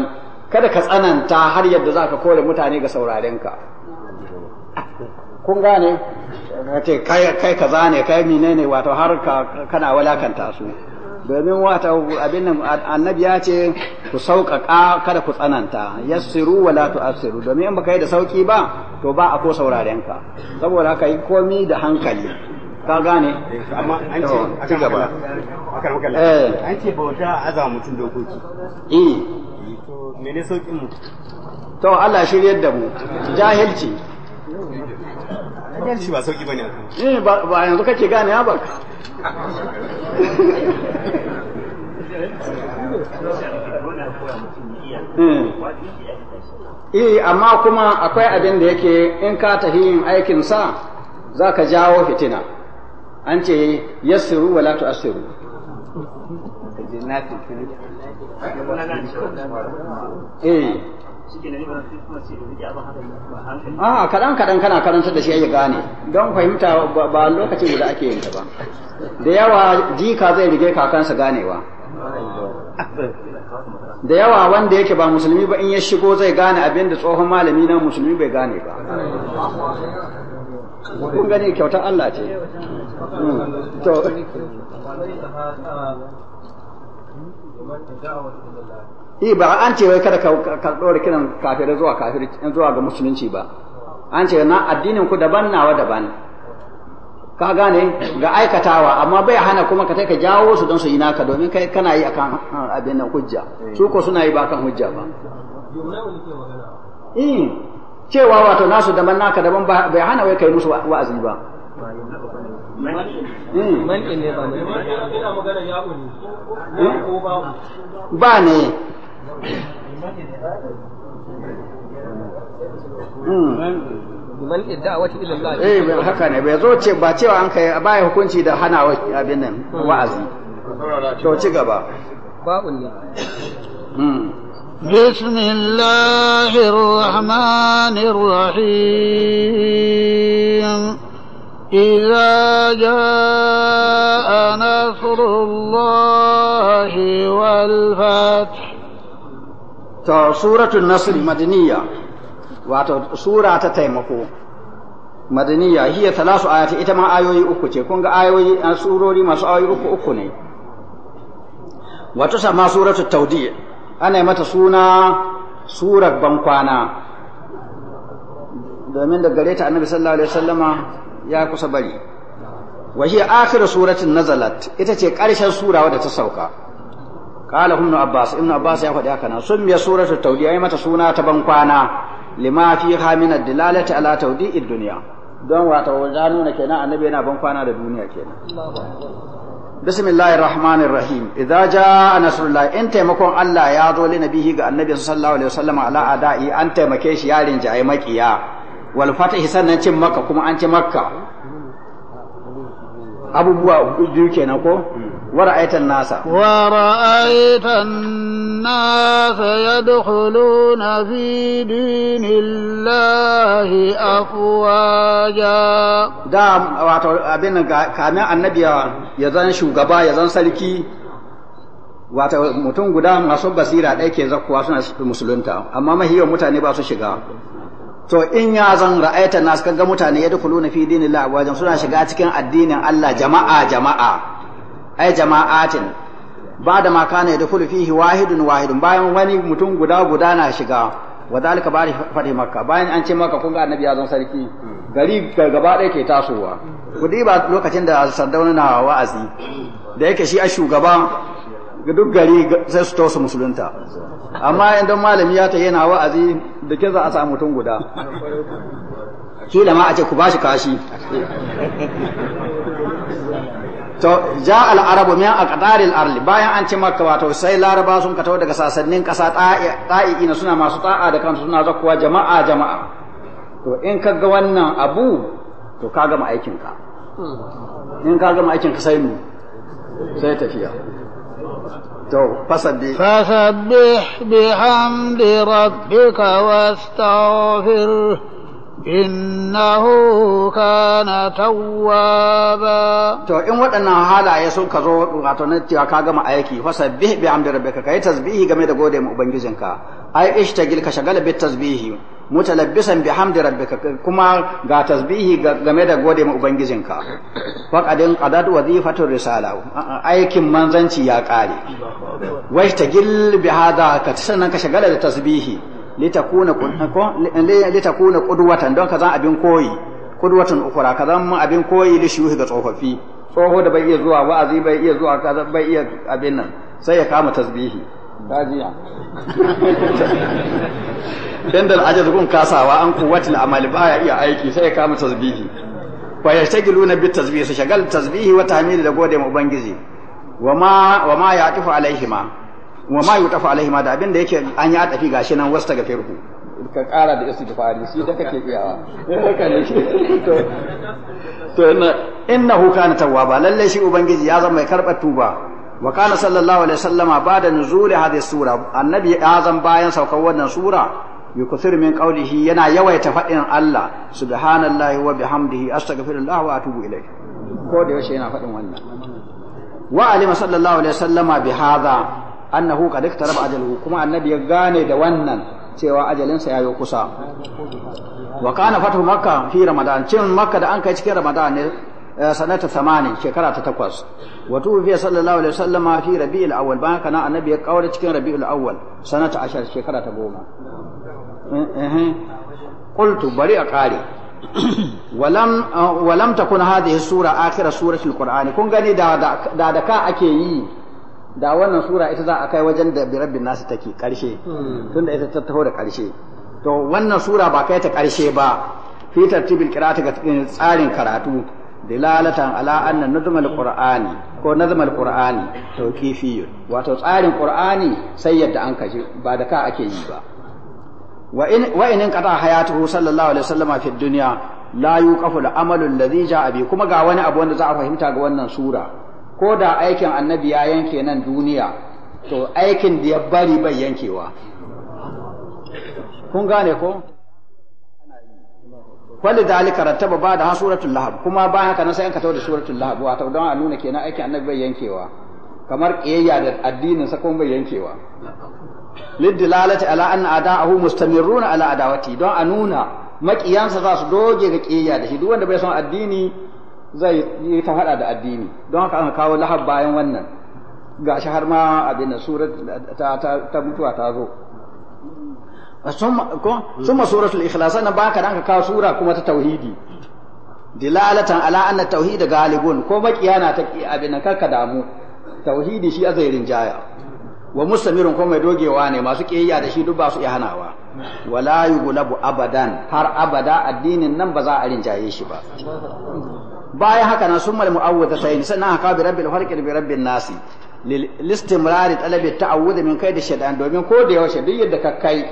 kada ka tsananta har yadda za ka kore mutane ga saurarenka kun gane ka ce kai kaza ne kai mine ne wato har kana walakanta su domin wata abin nan annabi ya ce ku sauƙaƙa kada ku tsananta yassiru wala tu'assiru domin in baka yi da sauƙi ba to ba a ko sauraren ka saboda haka yi komi da hankali ka gane amma an ce a gaba eh. an ce bauta azama mutum dokoki eh mene saukin mu to Allah shiryar da mu jahilci jahilci ba sauki bane eh ba yanzu kake gane ya ba Eh amma kuma akwai abin da yake in ka tafi yin aikin sa za ka jawo fitina an ce yassiru wala tu'assiru Eh. Ah, kadan kaɗan kaɗan kana karantar da shi ya gane don fahimta ba lokacin da ake yin ta ba da yawa jika zai rige kakansa ganewa da yawa wanda yake ba musulmi ba in ya shigo zai gane abin da tsohon malami na musulmi bai gane ba kun gani kyautar Allah ce hmm. Eh ba an ce wai kada ka ɗora kiran kafirai zuwa kafir zuwa ga musulunci ba. An ce na addinin ku daban nawa daban. Ka gane ga aikatawa amma bai hana kuma ka ka jawo su don su yi naka domin kai kana yi akan abin nan hujja. Su ko suna yi ba kan hujja ba. Eh, cewa wato nasu daban naka daban bai hana wai kai musu wa'azi ba. Hmm. man ne ba ne ya ne ba ba ne hmm. man eh, haka ne bai zo ce ba cewa an kai ba hukunci da hana abin nan wa'azi to ci gaba Ba ne بسم الله الرحمن الرحيم إذا جاء نصر الله والفتح to suratul nasr madaniya wato sura ta taimako madaniya hiya talasu ayati ita ma ayoyi uku ce kun ga ayoyi surori masu ayoyi uku ne wato sama suratul tawdi ana yi mata suna surar bankwana domin da gare ta annabi sallallahu alaihi ya kusa bari wa hiya akhir suratin nazalat ita ce ƙarshen sura wadda ta sauka qala ibn abbas ibn abbas ya faɗi haka na. sun biya suratul tawdi ai mata suna ta bankwana lima fiha min ad-dilalati ala tawdi'id dunya don wato ya nuna kenan annabi yana bankwana da duniya kenan bismillahir rahmanir rahim idza jaa nasrullah in taimakon Allah ya zo li nabihi ga annabi sallallahu alaihi wasallam ala ada'i an taimake shi yarin jaye makiya walfatahi sannan cin Makka kuma an ci makka abubuwa biyu kenan ko wa ra'aytan nasa wa ra'aytan nasa yadkhuluna fi dinillahi afwaja da wato abin kamin annabiya ya zan shugaba ya zan sarki wato mutum guda masu basira ɗaya ke zakkuwa suna musulunta amma mahiyar mutane ba su shiga to in ya zan ra'ayta nas ga mutane ya na fi dinillahi wajen suna shiga cikin addinin Allah jama'a jama'a ai jama'atin ba da makana ya dukulu fihi wahidun wahidun bayan wani mutum guda guda na shiga wa zalika ba da fadi makka bayan an ce maka kun ga annabi ya zan sarki gari gaba ɗaya ke tasowa ku ba lokacin da sardauna na wa'azi da yake shi a shugaba ga duk gari sai su tosa musulunta amma idan malami ya ta yana wa'azi da ke za a samu mutum guda kila ma a ce ku bashi kashi to ja al arabu min aqdaril arli bayan an ci makka wato sai laraba sun ka daga sasannin kasa ta'i na suna masu ta'a da kansu suna zakkuwa jama'a jama'a to in ka ga wannan abu to ka gama aikinka in ka gama aikinka sai mu sai tafiya فسبح فسبح بحمد ربك واستغفره na كان توابا to in waɗannan halaye sun ka zo wato cewa ka gama aiki fasabbih bi amdi rabbika kai tasbihi game da gode mu ubangijinka ai ta ka shagala bi tasbihi mutalabbisan bihamdi rabbika kuma ga tasbihi game da gode ma ubangijinka faqadin qadad wazifatu risala aikin manzanci ya kare wajtagil bi hadha ka sannan ka shagala da tasbihi litakuna litakuna qudwatan don ka zan abin koyi qudwatan ukura ka zan ma abin koyi da shuhi da tsofaffi tsoho da bai iya zuwa wa'azi bai iya zuwa kaza bai iya abin nan sai ya kama tasbihi inda al'ajar gun kasawa an kuwatil amali ya iya aiki sai ya kama tasbihi wa yashtagiluna bit tasbihi su shagal tasbihi wa tahmid da gode mu ubangiji wa ma wa ma ya'tifu alaihima wa ma yutafu alaihima da abin da yake an ya tafi gashi nan wasta ga firku ka kara da istighfari shi da kake kiyawa haka ne to to inna innahu kana tawwaba lalle shi ubangiji ya zama mai karbar tuba wa kana sallallahu alaihi wasallama bada nuzuli hadhihi sura annabi azam bayan saukar wannan sura yukusir min qawlihi yana yawaita fadin Allah subhanallahi wa bihamdihi astaghfirullah wa atubu ilayh ko da yaushe yana fadin wannan wa alima sallallahu alaihi wasallama bi hadha annahu qad iktaraba ajaluhu kuma annabi ya gane da wannan cewa ajalinsa ya yi kusa wa kana fatu makka fi ramadan cin makka da an kai cikin ramadan ne eh, sanata samani shekara ta takwas wa tufiya sallallahu alaihi wasallama fi rabi'il awwal bayan kana annabi ya kaura cikin rabi'il awwal sanata ashar shekara ta goma Eh, eh. qultu bari a kare walam uh, walam takun hadhihi sura akhir surati alqur'ani kun gani da da da ka ake yi da wannan sura ita za a kai wajen da bi rabbin nasu take karshe hmm. tunda ita ta da karshe to wannan sura ba kai ta karshe ba fi tartibil qira'ati ga tsarin karatu dilalatan ala anna nazmal qur'ani ko nazmal qur'ani tawqifiyun wato tsarin qur'ani sai yadda an kaji ba da ka ake yi ba wa in wa in qata hayatuhu sallallahu alaihi wasallam fi dunya la yuqafu al-amalu alladhi ja'a bi kuma ga wani abu wanda za a fahimta ga wannan sura ko da aikin annabi ya yanke nan duniya to aikin da ya bari bai yankewa kun gane ko kwalli dalika rattaba ba da suratul lahab kuma ba haka nan sai an ka tawo da suratul lahab wato don a nuna kenan aikin annabi bai yankewa kamar kiyayya da addinin sa kuma bai yankewa lidilalati ala anna ada'ahu mustamirruna ala adawati don a nuna makiyansa za su doge ga kiyaya da shi duk wanda bai son addini zai yi ta fada da addini don haka an kawo lahab bayan wannan gashi har ma abin da surat ta ta mutuwa ta zo summa suratul ikhlas nan baka dan ka kawo sura kuma ta tauhidi dilalatan ala anna tauhid galibun ko makiyana ta abin karka damu tauhidi shi azairin jaya wa mustamirun kuma mai dogewa ne masu kiyayya da shi duk ba su iya hanawa wala yughlabu abadan har abada addinin nan ba za a rinjaye shi ba bayan haka nan summal mu'awwadatayn sannan haka bi rabbil falqi bi rabbin nasi listimrari talabi ta'awudh min da shaytan domin ko da yaushe duk yadda ka kai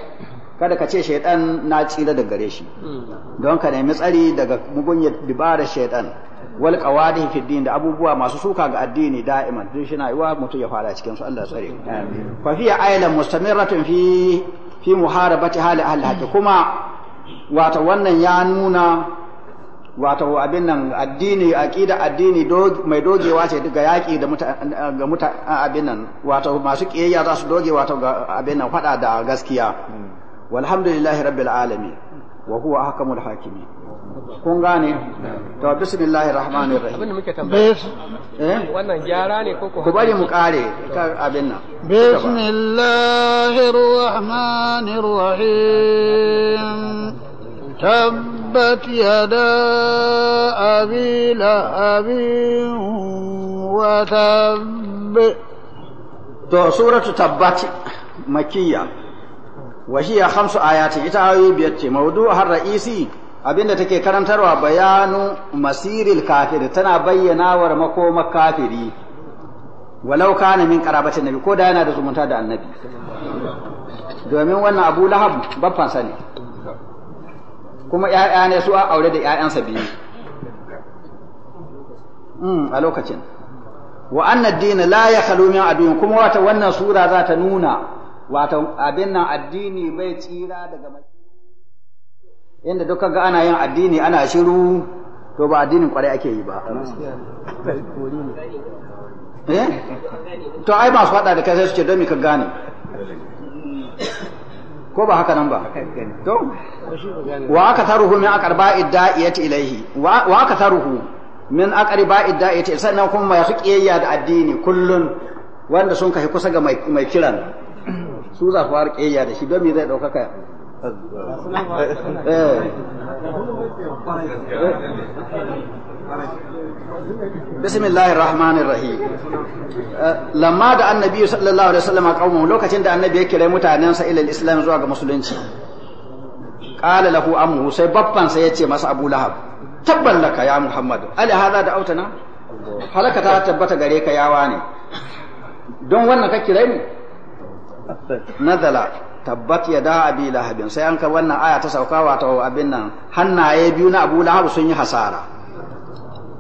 kada ka ce shaytan na tsira da gare shi hmm. don ka nemi tsari daga mugunyar bibara shaytan wal qawadihi fi din da abubuwa masu suka ga addini da'iman duk shi na yiwa mutum ya fara cikin su Allah tsare mu fa fiya aylan mustamirratun fi fi muharabati hali ahli hakki kuma wato wannan ya nuna wato abin nan addini aqida addini mai dogewa ce ga yaki da ga muta abin nan wato masu kiyayya za su doge wato ga abin nan fada da gaskiya hmm. walhamdulillahi rabbil alamin wa huwa ahkamul hakimin kun gane to bismillahir rahmanir rahim abin muke tambaya eh? wannan gyara ne ko ko ku bari mu kare abin nan bismillahir rahmanir rahim tabbat yada abi lahab wa to suratu tabbat makiyya wa hiya khamsu ayatin ita ayoyi biyar ce mawdu'u har ra'isi abinda take karantarwa bayanu masiril kafir tana bayyana wa makoma kafiri walau kana min qarabatin nabi ko da yana da zumunta da annabi domin wannan Abu Lahab baffan sani ne kuma ƴaƴa ne su a aure da ƴaƴansa biyu mm a lokacin wa anna ad-din la yakhlu min adun kuma wata wannan sura za ta nuna wato abin nan addini bai tsira daga inda duka ga ana yin addini ana shiru to ba addinin kwarai ake yi ba eh? to ai masu faɗa da kai sai su ce don me ka gane ko ba haka nan ba to wa aka taruhu min aqarba idda'iyati ilaihi wa aka taruhu min aqarba idda'iyati sannan kuma mai kiyayya da addini kullun wanda sun kai kusa ga mai kiran su za su fara kiyayya da shi don me zai daukaka Eh. bismillahir rahmanir rahim eh, lamma da annabi sallallahu alaihi wasallam qaumahu lokacin da annabi ya kira sa ila islam zuwa ga musulunci qala lahu amhu sai babban sai yace masa abu lahab tabban laka ya muhammad ali hada da autana halaka ta tabbata gare ka yawa ne don wannan ka kira ni nazala tabbat ya da abi lahabin sai an ka wannan aya ta sauka wato abin nan hannaye biyu na abu lahab sun yi hasara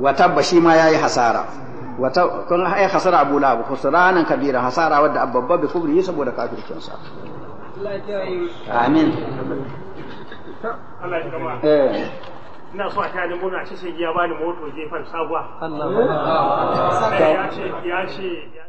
wa tabba shi ma yayi hasara wa kun ai hasara abu lahab khusranan kabira hasara wadda abbabba bai kubri saboda kafircin sa amin Allah eh. ina so a ta ni muna shi ya bani moto jefan sabuwa Allah ya ce ya ce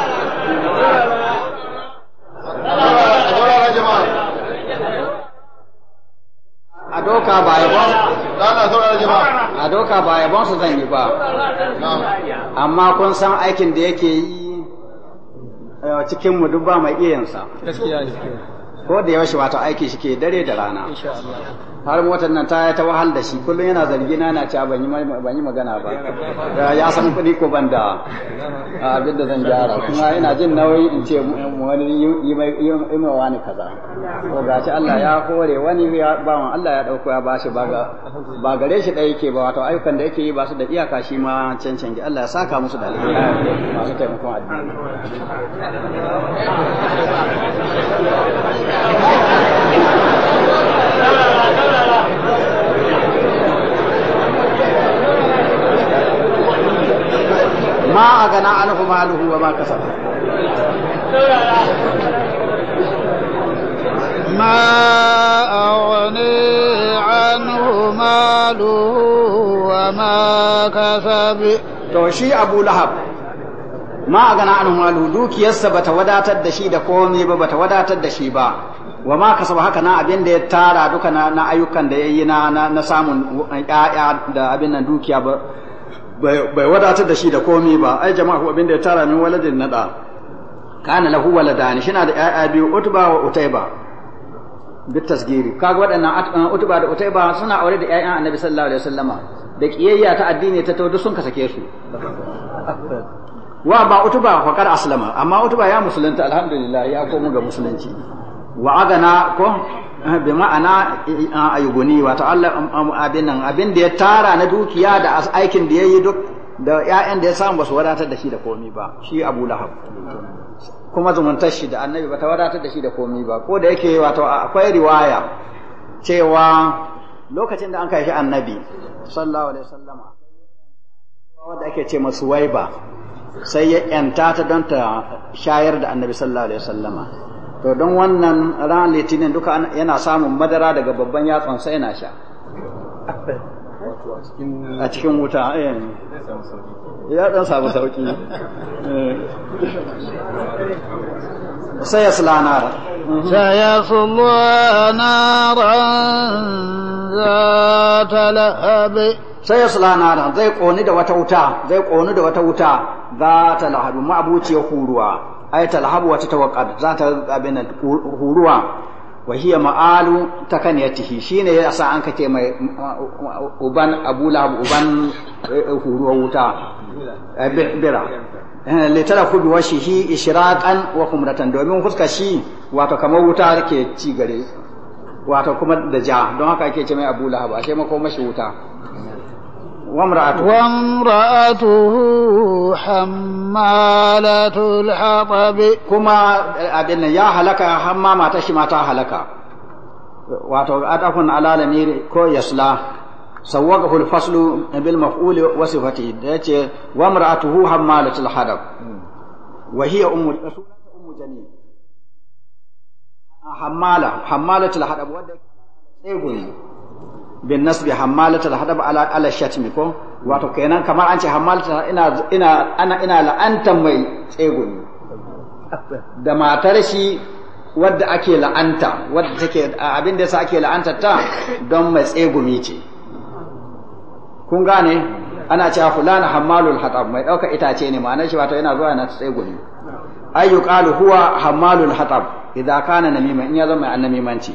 doka ba yabon a doka ba yabon su zan yi ba amma kun san aikin da yake yi eh, cikin mu duk ba mai iyansa ko da yaushe wata aiki shi ke dare da rana har watan nan ta ta wahal da shi kullum yana zargi na na cewa ban yi magana ba ya san kuɗi ko ban da abin da zan gyara kuma yana jin nauyi in ce wani yi mai wani kaza ga gashi Allah ya kore wani ya bawan Allah ya dauko ya bashi ba ba gare shi da yake ba wato ayyukan da yake yi ba su da iyaka shi ma cancanci Allah ya saka musu da alheri masu taimakon addini ما أغنى عنه ماله وما كسب ما أغني عنه ماله وما كسب تو shi أبو لهب ma a gana anhu malu dukiyarsa ba ta wadatar da shi da komai ba ta wadatar da shi ba wa ma kasaba haka na abin da ya tara duka na, na ayyukan da yayi na, na na samun ƴaƴa da abin nan dukiya ba bai wadatar da shi da komai ba ai jama'a abin da ya tara min waladin nada kana lahu waladani shina da ƴaƴa biyu utba wa utaiba bitasgiri kaga waɗannan uh, utba da utaiba suna aure da ƴaƴan annabi sallallahu alaihi wasallama da kiyayya ta addini ta tawo duk sun kasake su wa ba utuba faqad aslama amma utuba ya musulunta alhamdulillah ya komo ga musulunci wa agana ko eh, bi ma'ana eh, ayyuguni wato Allah um, um, abin nan abin da ya tara na dukiya da aikin da yayi duk da ƴaƴan da ya samu ba su wadatar da shi da komi ba shi Abu Lahab kuma zumuntar shi da Annabi ba ta wadatar da shi da komi ba ko da yake wato akwai riwaya cewa lokacin da an kai shi Annabi sallallahu alaihi wasallama wanda ake ce masu waiba sai ya ‘yanta ta don ta shayar da annabi sallallahu alaihi wasallama to don wannan ran litinin duka yana samun madara daga babban yatsan sai yana sha a cikin wuta eh. ya dan samu sauki eh. سيصلى نارا سيصلى نارا ذات لهب سيصلى نارا زي قوني دا وتوتا زي قوني دا وتوتا ذات لهب ما أبوتي يخوروا اي تلهب وتتوقد ذات أبن خوروا وهي مآل تكنيته شين يسا أنك تيمي أبان ابو لهب أبان خوروا وتا Eh, bira eh, litara kubi washihi ishraqan wa kumratan domin fuska shi wato kamar wuta ke ci gare wato kuma da ja don haka ake ce mai abu lahab ashe mako mashi wuta وامرأته وامرأته حمالة kuma كما eh, ya halaka هلكا حمامة shi mata halaka wato adafun alalami ko yasla sawwaqahu al-faslu bil maf'ul wa sifatihi da yace wa mar'atuhu hammalatul hadab wa hiya ummu ummu jamil hammala hammalatul hadab wadda tsegumi bin nasbi hammalatul hadab ala ala shatmi ko wato kenan kamar an ce hammalatul ina ina ana ina la'anta mai tsegumi da matar shi wadda ake la'anta wadda take abin da yasa ake la'anta ta don mai tsegumi ce kun gane ana cewa fulana hammalul hatab mai dauka itace ne ma'anar shi wato yana zuwa yana tsegumi ay yuqalu huwa hammalul hatab idza kana namima in ya zama mai annamimanci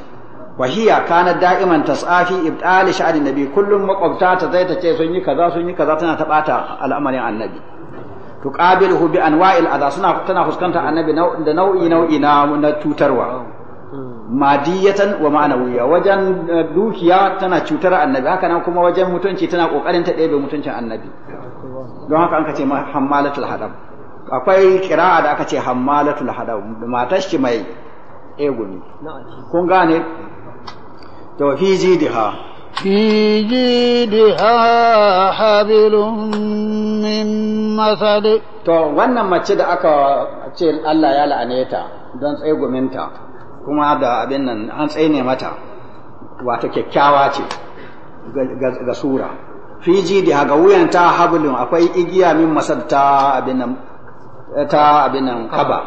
wa hiya kana da'iman tas'afi ibtali sha'ani nabi kullum makwabta ta zai ta ce sun yi kaza sun yi kaza tana ta bata al'amarin annabi tuqabiluhu bi anwa'il adha suna tana fuskanta annabi da nau'i nau'i na cutarwa madiyatan wa ma'anawiya wajen eh, dukiya tana cutar annabi haka nan kuma wajen mutunci tana kokarin ta ɗebe mutuncin annabi don haka an ka ce hammalatul hadab akwai kira'a da aka ce hammalatul hadab matar shi mai egumi kun gane to fi jidha fi jidha habilun min masad to wannan mace da aka ce Allah ya la'ane ta don tseguminta kuma da abin nan an tsaine mata wato kyakkyawa ce ga sura fiji da ga wuyanta hablun akwai igiya min masar ta abin nan ta abin nan kaba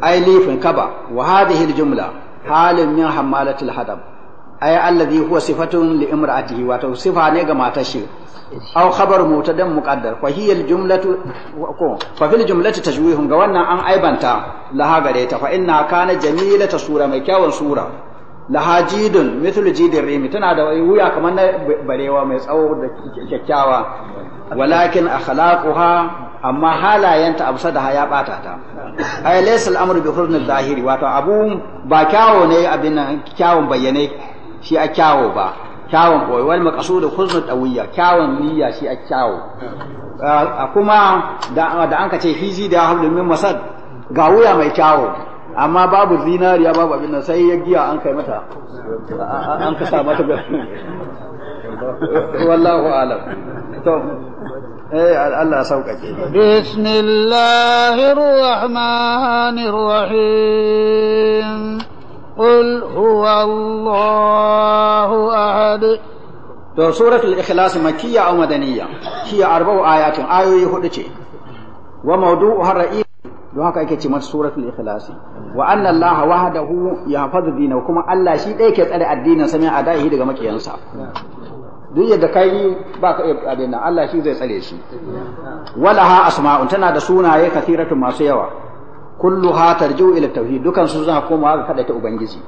ai lifin kaba wa hadhihi aljumla halin min hammalatil hadab ay allazi huwa sifatun li imra'atihi wato sifa ne ga matar shi aw khabar mutadan muqaddar fa hiya al jumlatu ko fa fil jumlati tajwihun ga wannan an aibanta laha gare ta fa inna kana jamilata sura mai kyawun sura laha jidun mithlu jidir rimi tana da wuya kamar na barewa mai tsawo da kyakkyawa walakin akhlaquha amma halayenta abu da haya bata ta ay laysa al amru bi hurnil zahiri wato abu ba kyawo ne abin kyawun bayyane shi a kyawo ba kyawon boye wal makasudu husnul dawiyya Kyawon niyya shi a kyawo uh, kuma da an ka ce hiji da hablum min masad ga wuya mai kyawo amma babu zinariya babu abin nan sai ya giya an kai mata an ka sa mata wallahu alam to eh Allah بسم الله الرحمن الرحيم قل هو الله أحد to suratul ikhlas makiyya aw madaniyya hiya arba'u ayatin ayoyi hudu ce wa mawdu'u ra'i don haka ake ce mata suratul ikhlas wa anna allaha wahdahu yahfazu dina kuma Allah shi ɗaya ke tsare addinin sa min adahi daga makiyansa duk yadda kai ba ka abin Allah shi zai tsare shi walaha asma'un tana da sunaye kathiratun masu yawa ha tarji'u ila tauhid dukan su suna komawa ga ta ubangiji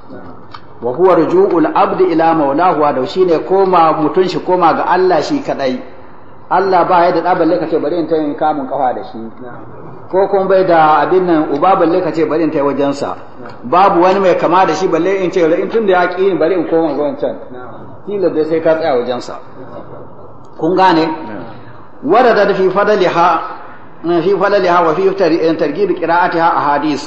wa huwa ruju'ul abdi ila maulahu da shine koma mutun shi koma ga Allah shi kadai Allah ba ya da da balle kace bari in ta yin kamun kafa da shi ko kuma bai da abin nan uba balle kace bari in ta wajen sa babu wani mai kama da shi balle in ce in tunda ya ki bari in koma ga wancan kila dai sai ka tsaya wajen sa kun gane warada da fi fadaliha Mm, fi falaliha wa fi eh, targhib qira'atiha ahadith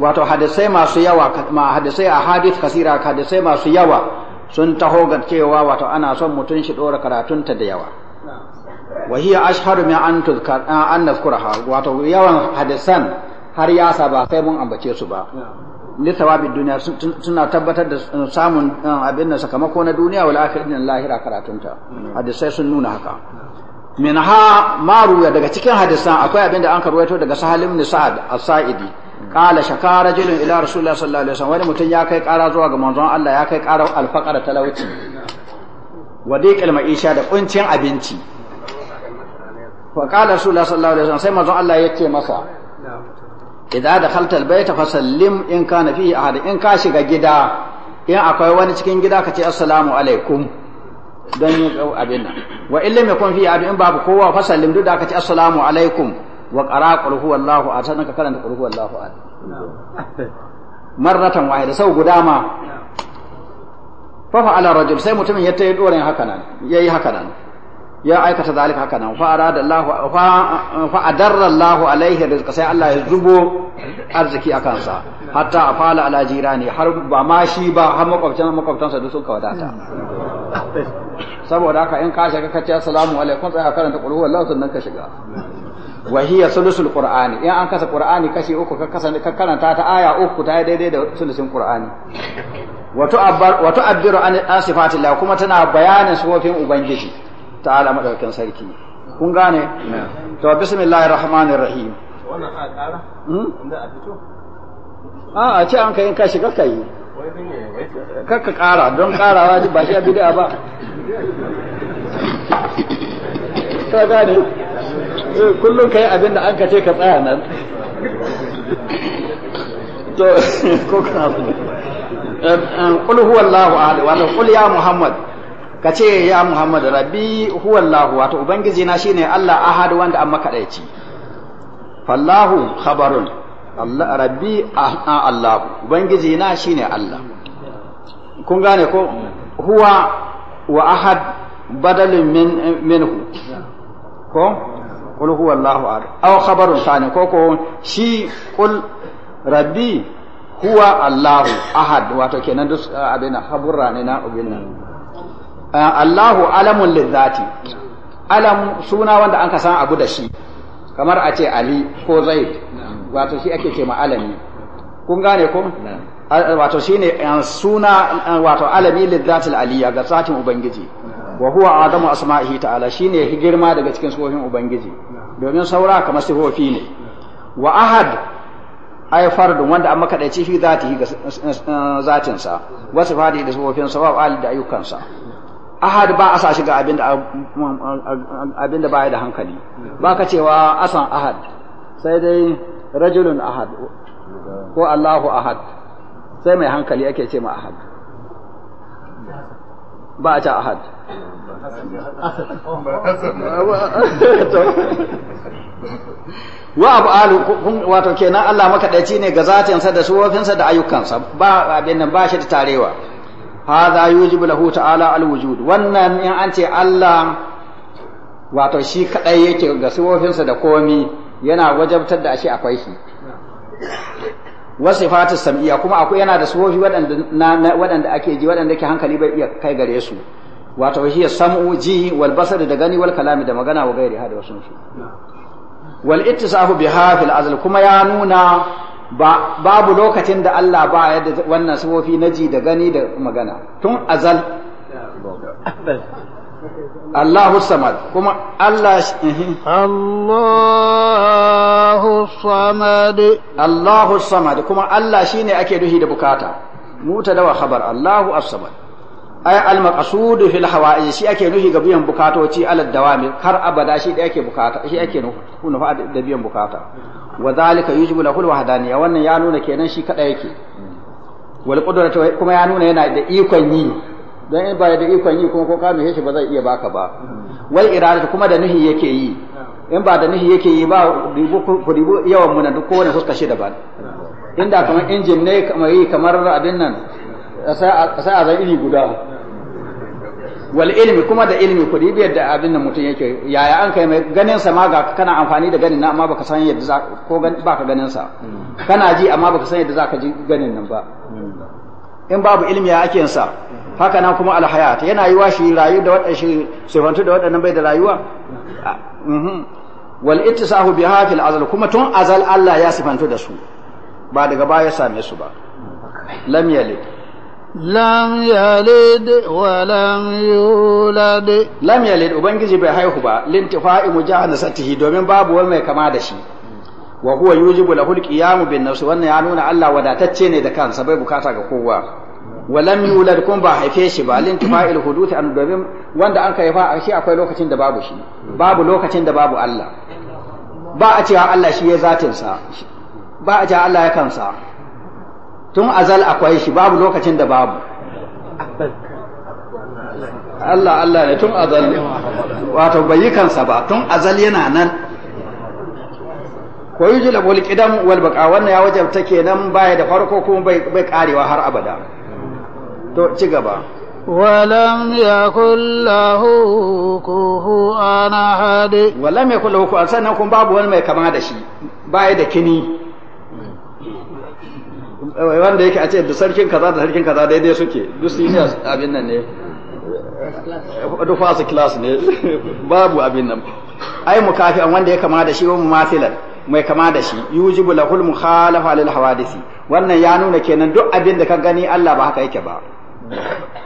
wato hadisai masu yawa ma hadisai ahadith kasira hadisai masu yawa sun taho ga cewa wato ana son mutun shi dora karatunta da yawa wa hiya ashharu min an tuzkar eh, an nazkuraha wato yawan hadisan har ya saba sai mun ambace su ba ni sawabin duniya suna tabbatar da eh, samun abin da sakamako na duniya wal akhirin lahira karatunta hadisai sun nuna haka min ha maruya daga cikin hadisan akwai abin da an karwaito daga sahal ibn sa'ad as qala shakara rajulun ila rasulullah sallallahu alaihi wasallam wani mutum ya kai kara zuwa ga manzon Allah ya kai kara al-faqara talawati wa diqal ma'isha da kuncin abinci fa qala rasulullah sallallahu alaihi wasallam sai manzon Allah ya ce masa idza dakhalta al-bayta fasallim in kana fihi ahad in ka shiga gida in akwai wani cikin gida ka ce assalamu alaikum don yin abin nan wa mai kwanfi fi abin babu kowa fasallim duk da aka ce assalamu alaikum wa ƙara ƙulhu wallahu a sannan ka karanta wallahu huwallahu ahad marratan wahida sau guda ma fafa ala rajul sai mutumin ya yi doren haka nan yayi haka nan ya aikata zalika haka nan fa arada Allah fa adarra Allah alaihi rizqa sai Allah ya zubo arziki akan sa hatta afala ala jirani har ba ma shi ba har makwabtan makwabtansa duk sun kawadata saboda haka in ka shiga ka ce assalamu alaikum sai ka karanta qul huwallahu nan ka shiga wa hiya sulusul qur'ani in an kasa qur'ani kashi uku ka kasa ka karanta ta aya uku ta daidai da sulusin qur'ani wa tu'abbar tu'abbiru an sifatillah kuma tana bayanin sifofin ubangiji ta'ala madaukakin sarki kun gane to bismillahir rahmanir rahim wannan a ƙara hmm? inda a fito a ce an kai in ka shiga kai kakka ƙara don ƙarawa ba shi a bid'a ba ka gane eh, kullum ka yi abin da an ka ce ka tsaya nan to ko kana kul eh, eh, huwallahu ahad wa kul ya muhammad ka ce ya Muhammad rabbi huwa Allah wato ubangiji na shine Allah ahad wanda an makadaici fallahu khabarun Allah rabbi Allah ubangiji na shine Allah kun gane ko huwa wa ahad badalin min minhu ko qul huwa Allah ahad aw khabarun sani ko ko shi qul rabbi huwa Allah ahad wato kenan duk abin haburra ne na ubin Allahu alamun lizzati alam suna wanda an ka san abu da shi kamar a ce Ali ko Zaid wato shi ake ce ma alami kun gane ku? wato ne eh, suna eh, wato alami lizzati aliyya ga satin ubangiji wa huwa adamu asma'ihi ta'ala shine girma daga cikin sufofin ubangiji domin saura kamar sifofi ne wa ahad ai fardun wanda an makadaici shi zatihi ga eh, zatin wasu fadi da sufofin sa wa ali da ayyukansa. ahad ba a sa shiga abinda ba yi da hankali ba ka cewa asan ahad sai dai rajulun ahad ko Allahu ahad sai mai hankali ake ce ma ahad ba a ce ahad wa abu wato kenan Allah makaɗaici ne ga zatinsa da suwofinsa da ayyukansa ba abin nan ba shi da tarewa hadha yujibu lahu ta'ala alwujud wannan in an ce Allah wato shi kadai yake ga sifofinsa da komi yana wajabtar da shi akwai shi wa sifatu sam'iyya kuma akwai yana da sifofi waɗanda waɗanda ake ji waɗanda ke hankali bai iya kai gare su wato shi sam'u ji wal basar da gani wal kalami da magana wa gairi hada wasu wal ittisafu biha fil azl kuma ya nuna ba babu lokacin da Allah ba ya da wannan sifofi na ji da gani da magana tun azal Allahu samad kuma Allah eh-, Allahu samad Allahu samad kuma Allah shine ake duhi da bukata muta dawa khabar Allahu as-samad ay al-maqsud fil hawa'i shi ake nuhi ga biyan bukatoci alad dawami har abada shi da yake bukata shi ake nufa da biyan bukata wa zalika yujibu lahu alwahdaniya wannan ya nuna kenan shi kada yake wal qudratu kuma ya nuna yana da ikon yi dan in ba da ikon yi kuma ko ka nuhe shi ba zai iya baka ba wal iradatu kuma da nihi yake yi in ba da nihi yake yi ba ku dubu yawan mu na duk kowane fuska shi daban inda kamar injin ne kamar yi kamar abin nan sai a zan iri guda wal ilmi kuma da ilmi ku biyar yadda abin da mutum yake yaya an kai mai ganin sa ma ga kana amfani da ganin na amma baka san yadda za ko baka ganin sa kana ji amma baka san yadda za ka ji ganin nan ba in babu ilmi ya ake sa haka nan kuma alhayat yana yi wa shi rayu da wadan shi sifantu da wadannan bai da rayuwa mhm. wal ittisahu biha fil azal kuma tun azal Allah ya sifantu da su ba daga baya same su ba lam yalid lam yalid wa lam yulad lam yalid ubangiji bai haihu ba lintifa'i mujahadatihi domin babu wani mai kama da shi wa huwa yujibu lahul qiyam bin nafsi wannan ya nuna Allah wadatacce ne da kansa bai bukata ga kowa wa lam yulad kun ba haife shi ba lintifa'il huduth an domin wanda an kai fa a shi akwai lokacin da babu shi babu lokacin da babu Allah ba a cewa Allah shi ya zatinsa ba a cewa Allah ya kansa tun azal akwai shi babu lokacin da babu Allah Allah ne tun azal wato bai yi kansa ba tun azal yana nan ko yi jula bol kidan walbaka wannan ya wajabta kenan baya da farko kuma bai karewa har abada to ci gaba ولم يكن له كفوا أحد ولم يكن له كفوا sannan kuma babu wani mai kama da shi baya da kini Eh, wanda yake a ce da sarkin kaza da sarkin kaza daidai suke duk senior abin nan ne duk fasu class ne babu abin nan ai mukafi an wanda ya kama da shi wa mumathilan mai kama da shi yujibu lahul mukhalafa lil hawadisi wannan ya nuna kenan duk abin da ka gani Allah ba haka yake ba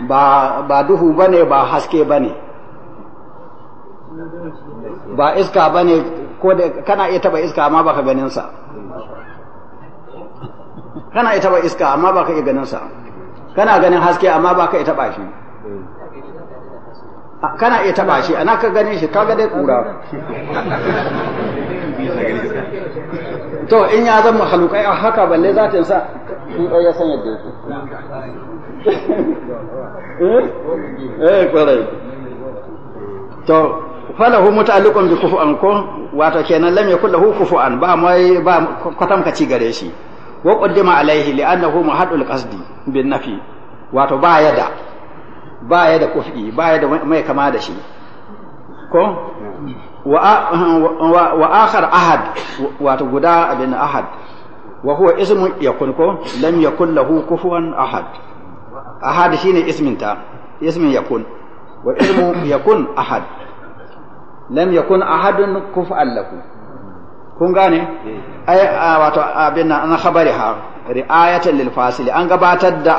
ba ba duhu bane ba haske bane ba iska bane ko da kana iya taba iska amma baka ganin sa kana ita ba iska amma ba ka iya ganin sa kana ganin haske amma ba ka iya taba shi kana iya taba shi ana ka gane shi ka ga dai kura to in ya zama halukai a haka balle za ta sa shi ɗaya ya san yadda yake eh kwarai eh, to falahu muta'alliqun bi kufu'an ko wato kenan lam yakul lahu kufu'an ba mai ba ci gare shi wa qaddima alaihi li'annahu muhaddul qasdi bin nafi wato ba ya da ba ya da kufi ba ya da mai kama da shi ko wa akhar ahad wato guda abin ahad wa huwa ismu yakun ko lam yakun lahu kufuwan ahad ahad shine ismin ta ismin yakun wa ismu yakun ahad lam yakun ahadun kufuwan lahu kun gane eh. ai wato abin an ha ri'ayatan lil fasil an gabatar da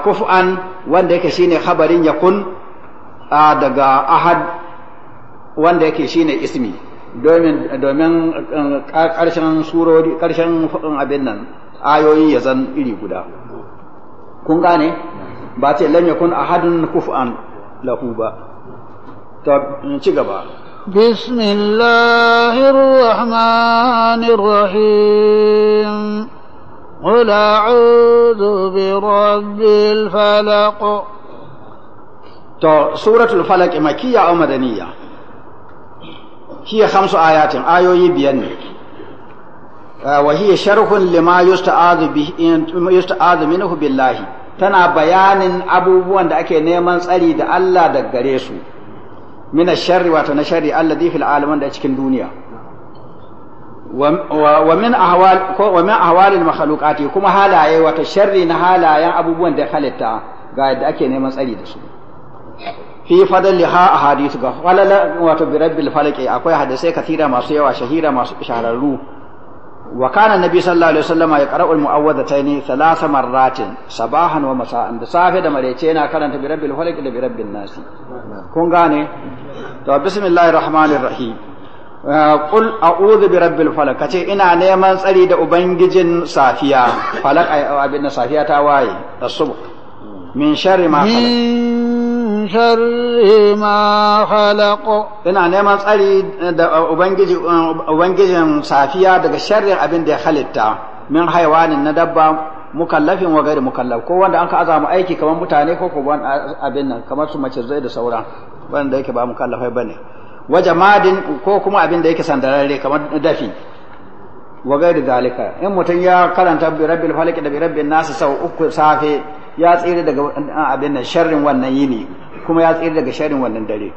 kuf'an wanda yake shine khabarin yakun daga ahad wanda yake shine ismi domin domin eh, karshen surori karshen abin nan ayoyi ya zan iri guda kun gane ba ce lan yakun ahadun kuf'an lahu ba ta ci gaba بسم الله الرحمن الرحيم قل أعوذ برب الفلق تو سورة الفلق مكية أو مدنية هي خمس آيات آيو يبين وهي شرح لما يستعاذ به يستعاذ منه بالله tana bayanin abubuwan da ake neman tsari da Allah da gare su min sharri wato na sharri alladhi fil alamin da cikin duniya wa min ahwal ko wa min ahwalil makhluqati kuma halaye wato sharri na halayen abubuwan da halitta ga yadda ake neman tsari da su fi fadliha ahadith ga wato bi rabbil falaqi akwai hadisai kathira masu yawa shahira masu shahararru wa kana nabi sallallahu alaihi wasallam ya qara'u al-mu'awwadhataini thalath marratin sabahan wa masa'an da safe da marece yana karanta bi rabbil falaq da bi rabbin kun gane to bismillahir rahmanir rahim qul a'udhu bi kace ina neman tsari da ubangijin safiya falaq abin safiya ta waye as min ma شر ina neman tsari da ubangiji ubangijin safiya daga sharrin abin da ya halitta min haiwanin na dabba mukallafin wa gari mukallaf ko wanda an ka azama aiki kamar mutane ko ko abin nan kamar su mace zai da sauran wanda yake ba mukallafai bane wa jamadin ko kuma abin da yake sandararre kamar dafi wa gairi zalika in mutun ya karanta bi rabbil falaq da bi rabbin nas sau uku safe ya tsire daga abin nan sharrin wannan yini kuma ya tsira daga sharin wannan dare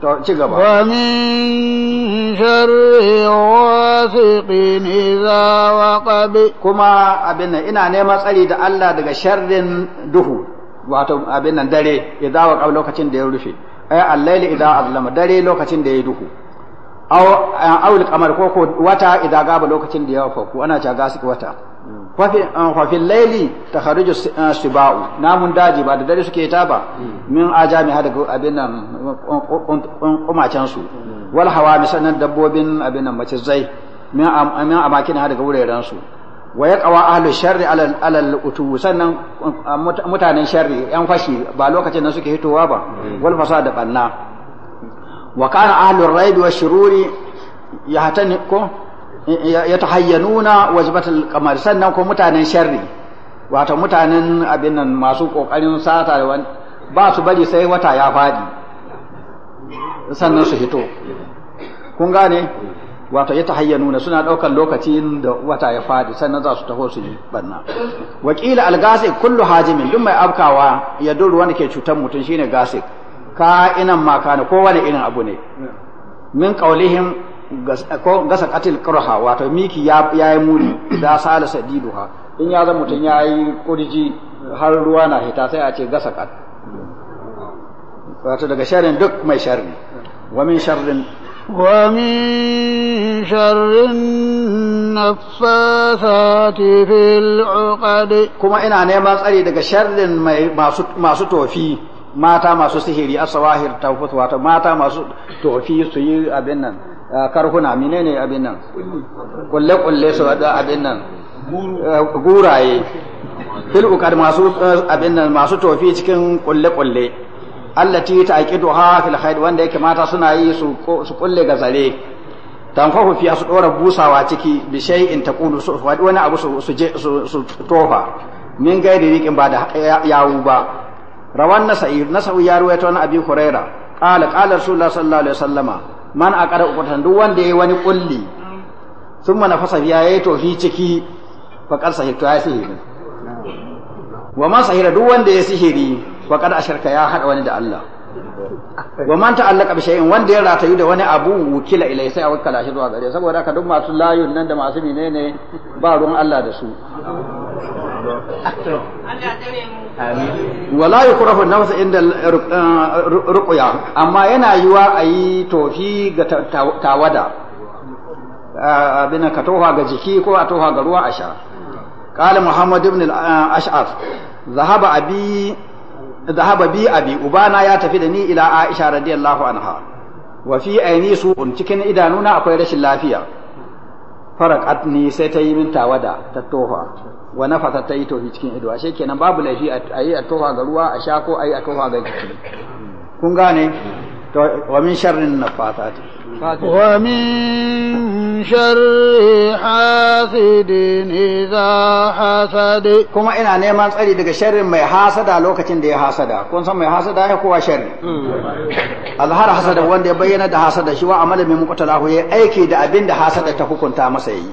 to ci gaba wa min sharri wasiqin idza waqab kuma abin nan ina neman tsari da Allah daga sharrin duhu wato abin nan dare idza waqab lokacin da ya rufe ay al-layli idza azlama dare lokacin da ya duhu aw aw al-qamar ko ko wata iza gaba lokacin da ya faku ana ta gasu wata wafin ah, laili ta su ba'u. namun daji ba da dare suke ta ba hmm. min ajami hada abin nan kumacen um, um, su hmm. wal hawa misalin dabbobin abin nan zai. min amakin hada ga wuraren su wa ya kawa ahlus sharri alal utu sannan um, mutanen sharri yan fashi ba lokacin da suke hitowa ba hmm. wal fasa da banna wa kana ahlur raid wa shururi hatani ko ya ta hayyanuna wajibatul kamar sannan ko mutanen sharri wato mutanen abin nan masu kokarin sata da wani ba su bari sai wata ya fadi sannan su hito kun gane wato ya ta hayyanuna suna ɗaukar lokacin da wata ya fadi sannan za su taho su yi banna wakila algasi kullu hajimin duk mai afkawa ya duru wanda ke cutar mutum shine gasik ka inan makana ko wani irin abu ne min qaulihim gasa katil karha wato miki ya yi muri da sala sadiduha in ya zama mutum ya yi kurji har ruwa na hita sai a ce gasa kat wato daga sharrin duk mai sharri wa min sharrin wa min sharrin naffasati fil uqad kuma ina neman tsari daga sharrin mai masu masu tofi mata masu sihiri asawahir tawfut wato mata masu tofi su yi abin nan Eh, karhuna menene abin nan kulle kulle su da abin nan eh, guraye fil ukar masu eh, abin nan masu tofi cikin kulle kulle allati ha fil khayr wanda yake mata suna yi su su kulle ga zare tanfahu fiya su dora busawa ciki bi shay'in taqulu su wani abu su su tofa min gairi rikin ba da yawu ba rawan nasa'ir nasa'u ya ruwaito na abi huraira qala qala rasulullah sallallahu alaihi wasallama man a ƙara ukutan duk wanda ya wani kulli sun mana fasa biya ya yi fi ciki faƙar sahirta ya sihiri wa man sahira duk wanda ya sihiri faƙar asharka ya haɗa wani da Allah wa man ta'allaka bi shay'in wanda ya ratayu da wani abu wukila ilai sai a shi zuwa gare saboda haka duk masu layun nan da masu menene ba ruwan Allah da su wala na nafsa inda uh, ruqya amma yana yiwa ayi tofi ga tawada uh, abin ka toha ga jiki ko a toha ga ruwa a sha qala muhammad ibn al-ash'af zahaba abi zahaba bi abi ubana ya tafi da ni ila aisha radiyallahu anha wa fi aini su'un cikin idanuna akwai rashin lafiya faraqatni sai ta yi min tawada ta toha wa na ta yi tofi cikin ido ashe kenan babu laifi a yi a tofa ga ruwa a sha ko a yi a tofa ga jiki kun gane wa min sharrin ta. wa min sharri hasidin idza hasade. kuma ina neman tsari daga sharrin mai hasada lokacin da ya hasada kun san mai hasada ya kowa sharri alhar hasada wanda ya bayyana da hasada shi wa amalin mai muqtalahu ya aiki da abin da hasada ta hukunta masa yi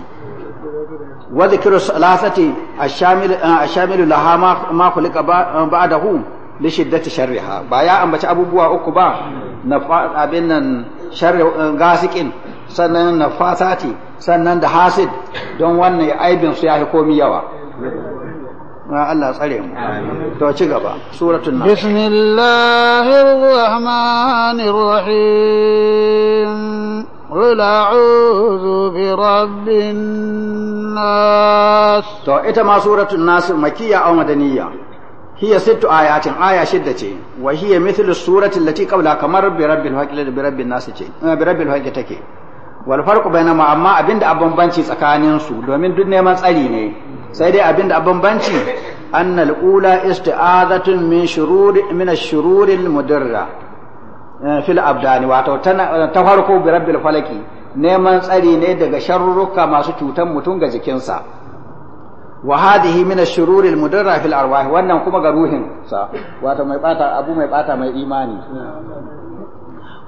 wa dhikru salasati ashamil ashamilu laha ma khuliqa ba'dahu li shiddati ba ya ambaci abubuwa uku ba na abin nan sharri sannan nafasati sannan da hasid don wannan aibin su yafi komi yawa Allah tsare mu to ci gaba suratul nas قل أعوذ برب الناس تو إتا ما سورة الناس مكية أو مدنية هي ست آيات آية شدة وهي مثل السورة التي قبلها كمر برب الحق برب الناس برب الحق تكي والفرق بينما أما أبند أبن بانشي سكانين سو دومين دون نيمان سألي ني سيدي أبند أبن بانشي أن الأولى استعاذة من شرور من الشرور المدرة Eh, fil abdani wato ta farko bi rabbil falaki neman tsari ne daga sharurruka masu cutan mutum ga jikinsa wa hadhihi min ash-shururi al-mudarra fil arwah wannan kuma ga ruhin sa wato mai bata abu mai bata mai imani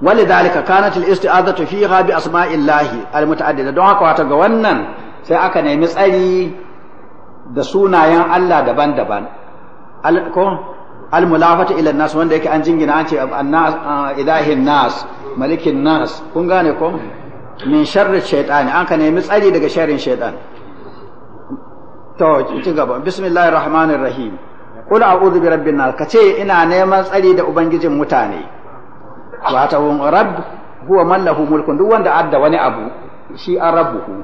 ولذلك كانت الاستعاذة فيها بأسماء الله المتعددة don haka wato ga wannan sai aka nemi tsari da sunayen Allah daban-daban ko almulafata ila nas wanda yake an jingina an ce annas ilahin nas malikin nas kun gane ko min sharri shaytani an ka nemi tsari daga sharrin shaytan to ci gaba bismillahir rahmanir rahim qul a'udhu bi rabbin nas kace ina neman tsari da ubangijin mutane wato rabb huwa man lahu mulkun duk wanda adda wani abu shi arabuhu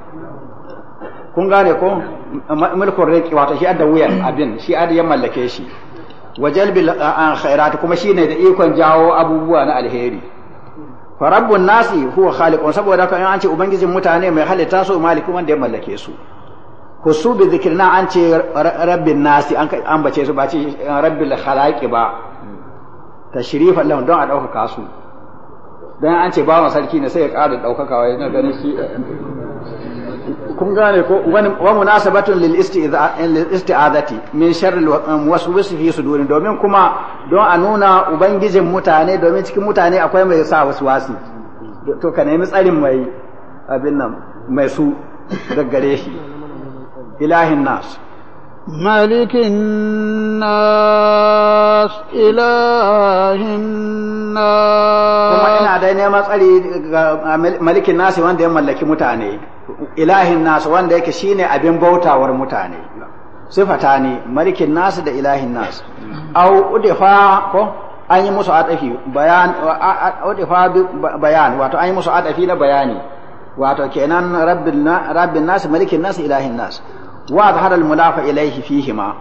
kun gane ko mulkun reki wato shi adda wuyan abin shi adda ya mallake shi wa jalbil khairat kuma shine da ikon jawo abubuwa na alheri farabbun nasi huwa khaliqun saboda haka an ce ubangijin mutane mai halitta su maliki wanda ya mallake su husu bi zikirna an ce rabbin nasi an ambace su ba ce eh, rabbil khalaqi ba tashrif Allah don a daukaka su dan an ce bawan sarki ne sai ya ƙara daukaka wai na ganin shi eh, kun gane ko wa munasabatun lil isti'adati min sharri um, waswasi fi suduri domin kuma don a nuna ubangijin mutane domin cikin mutane akwai mai sa waswasi to ka nemi tsarin mai abin nan mai su daggare shi ilahin nas malikin nas ilahin nas kuma ina da neman tsari ga malikin nasi wanda ya mallaki mutane ilahin nasu wanda yake shine abin bautawar mutane sifata ne malikin nasu da ilahin nasu au udifa ko an yi musu atafi bayan udifa bayan wato an yi musu atafi na bayani wato kenan rabbin nasu malikin nasu ilahin nasu wa zahara al-mulafa ilaihi fihima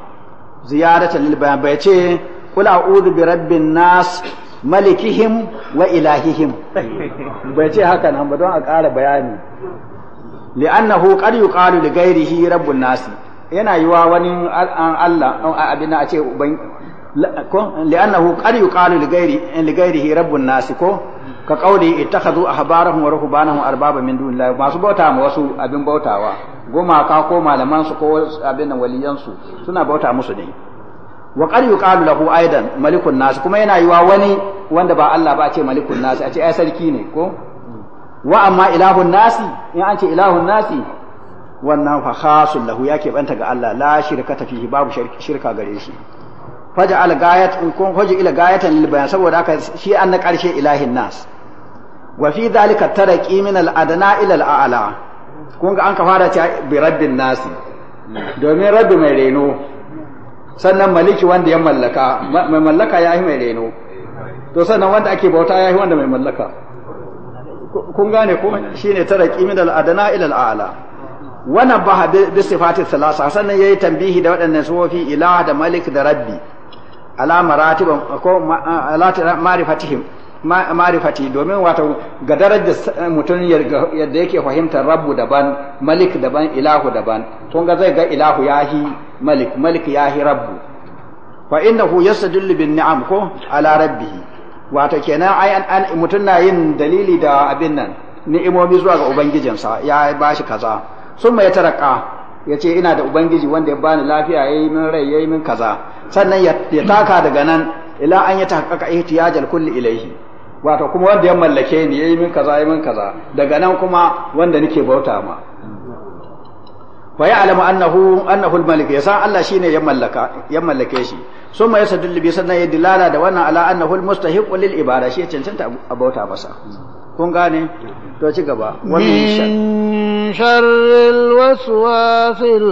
ziyaratan lil bayan bai ce kula a'udhu bi rabbin nas malikihim wa ilahihim bai ce haka nan ba don a ƙara bayani li'annahu qad yuqalu li ghairihi rabbun nasi yana yiwa wani Allah abin a ce ko li'annahu qad yuqalu li ghairi li ghairihi rabbun nasi ko ka qawli ittakhadhu ahbarahum wa ruhbanahum arbaba min dunillahi masu bauta ma wasu abin bautawa goma ka ko malaman su ko abin nan waliyan su suna bauta musu ne wa qad yuqalu lahu aidan malikun nas kuma yana yiwa wani wanda ba Allah ba a ce malikun nas a ce ai sarki ne ko wa amma ilahun nasi in an ce ilahun nasi wannan fa khasul lahu yake banta ga Allah la shirka ta fihi babu shirka gare shi faja al gayat kun faja ila gayatan lil bayan saboda haka shi an na karshe ilahin nas wa fi dhalika taraqi min al adna ila al a'la kun ga an ka fara ta bi rabbin nasi domin rabbi mai reno sannan maliki wanda ya mallaka mai mallaka ya yi mai reno to sannan wanda ake bauta ya yi wanda mai mallaka kun gane ko shine taraki min al adana ila al a'la wannan ba bi sifati salasa sannan yayi tambihi da waɗannan sufi ilah da malik da rabbi ala maratib ko ala ma'rifatihim ma'rifati domin wato ga darajar mutum yadda yake fahimtar rabbu daban malik daban ilahu daban kun ga zai ga ilahu yahi malik malik yahi rabbu fa innahu yastadillu bin ni'am ko ala rabbihi Wata kenan ai an mutum na yin dalili da abin nan ni'imomi zuwa ga ubangijinsa ya ba shi kaza sun mai taraka ya ce ina da ubangiji wanda ya bani lafiya ya yi min rai ya yi min kaza sannan ya taka daga nan ila an ya tahaqqa ihtiyajal kulli ilaihi wato kuma wanda ya mallake ni ya yi min kaza ya yi min kaza daga nan kuma wanda nake bauta ma fa ya'lamu annahu annahu al-malik ya san Allah shine ya mallaka ya mallake shi summa yasadullu bi sanna ya dilala da wannan ala annahu al-mustahiq lil ibada shi cancanta abauta masa kun gane to ci gaba min sharril waswasil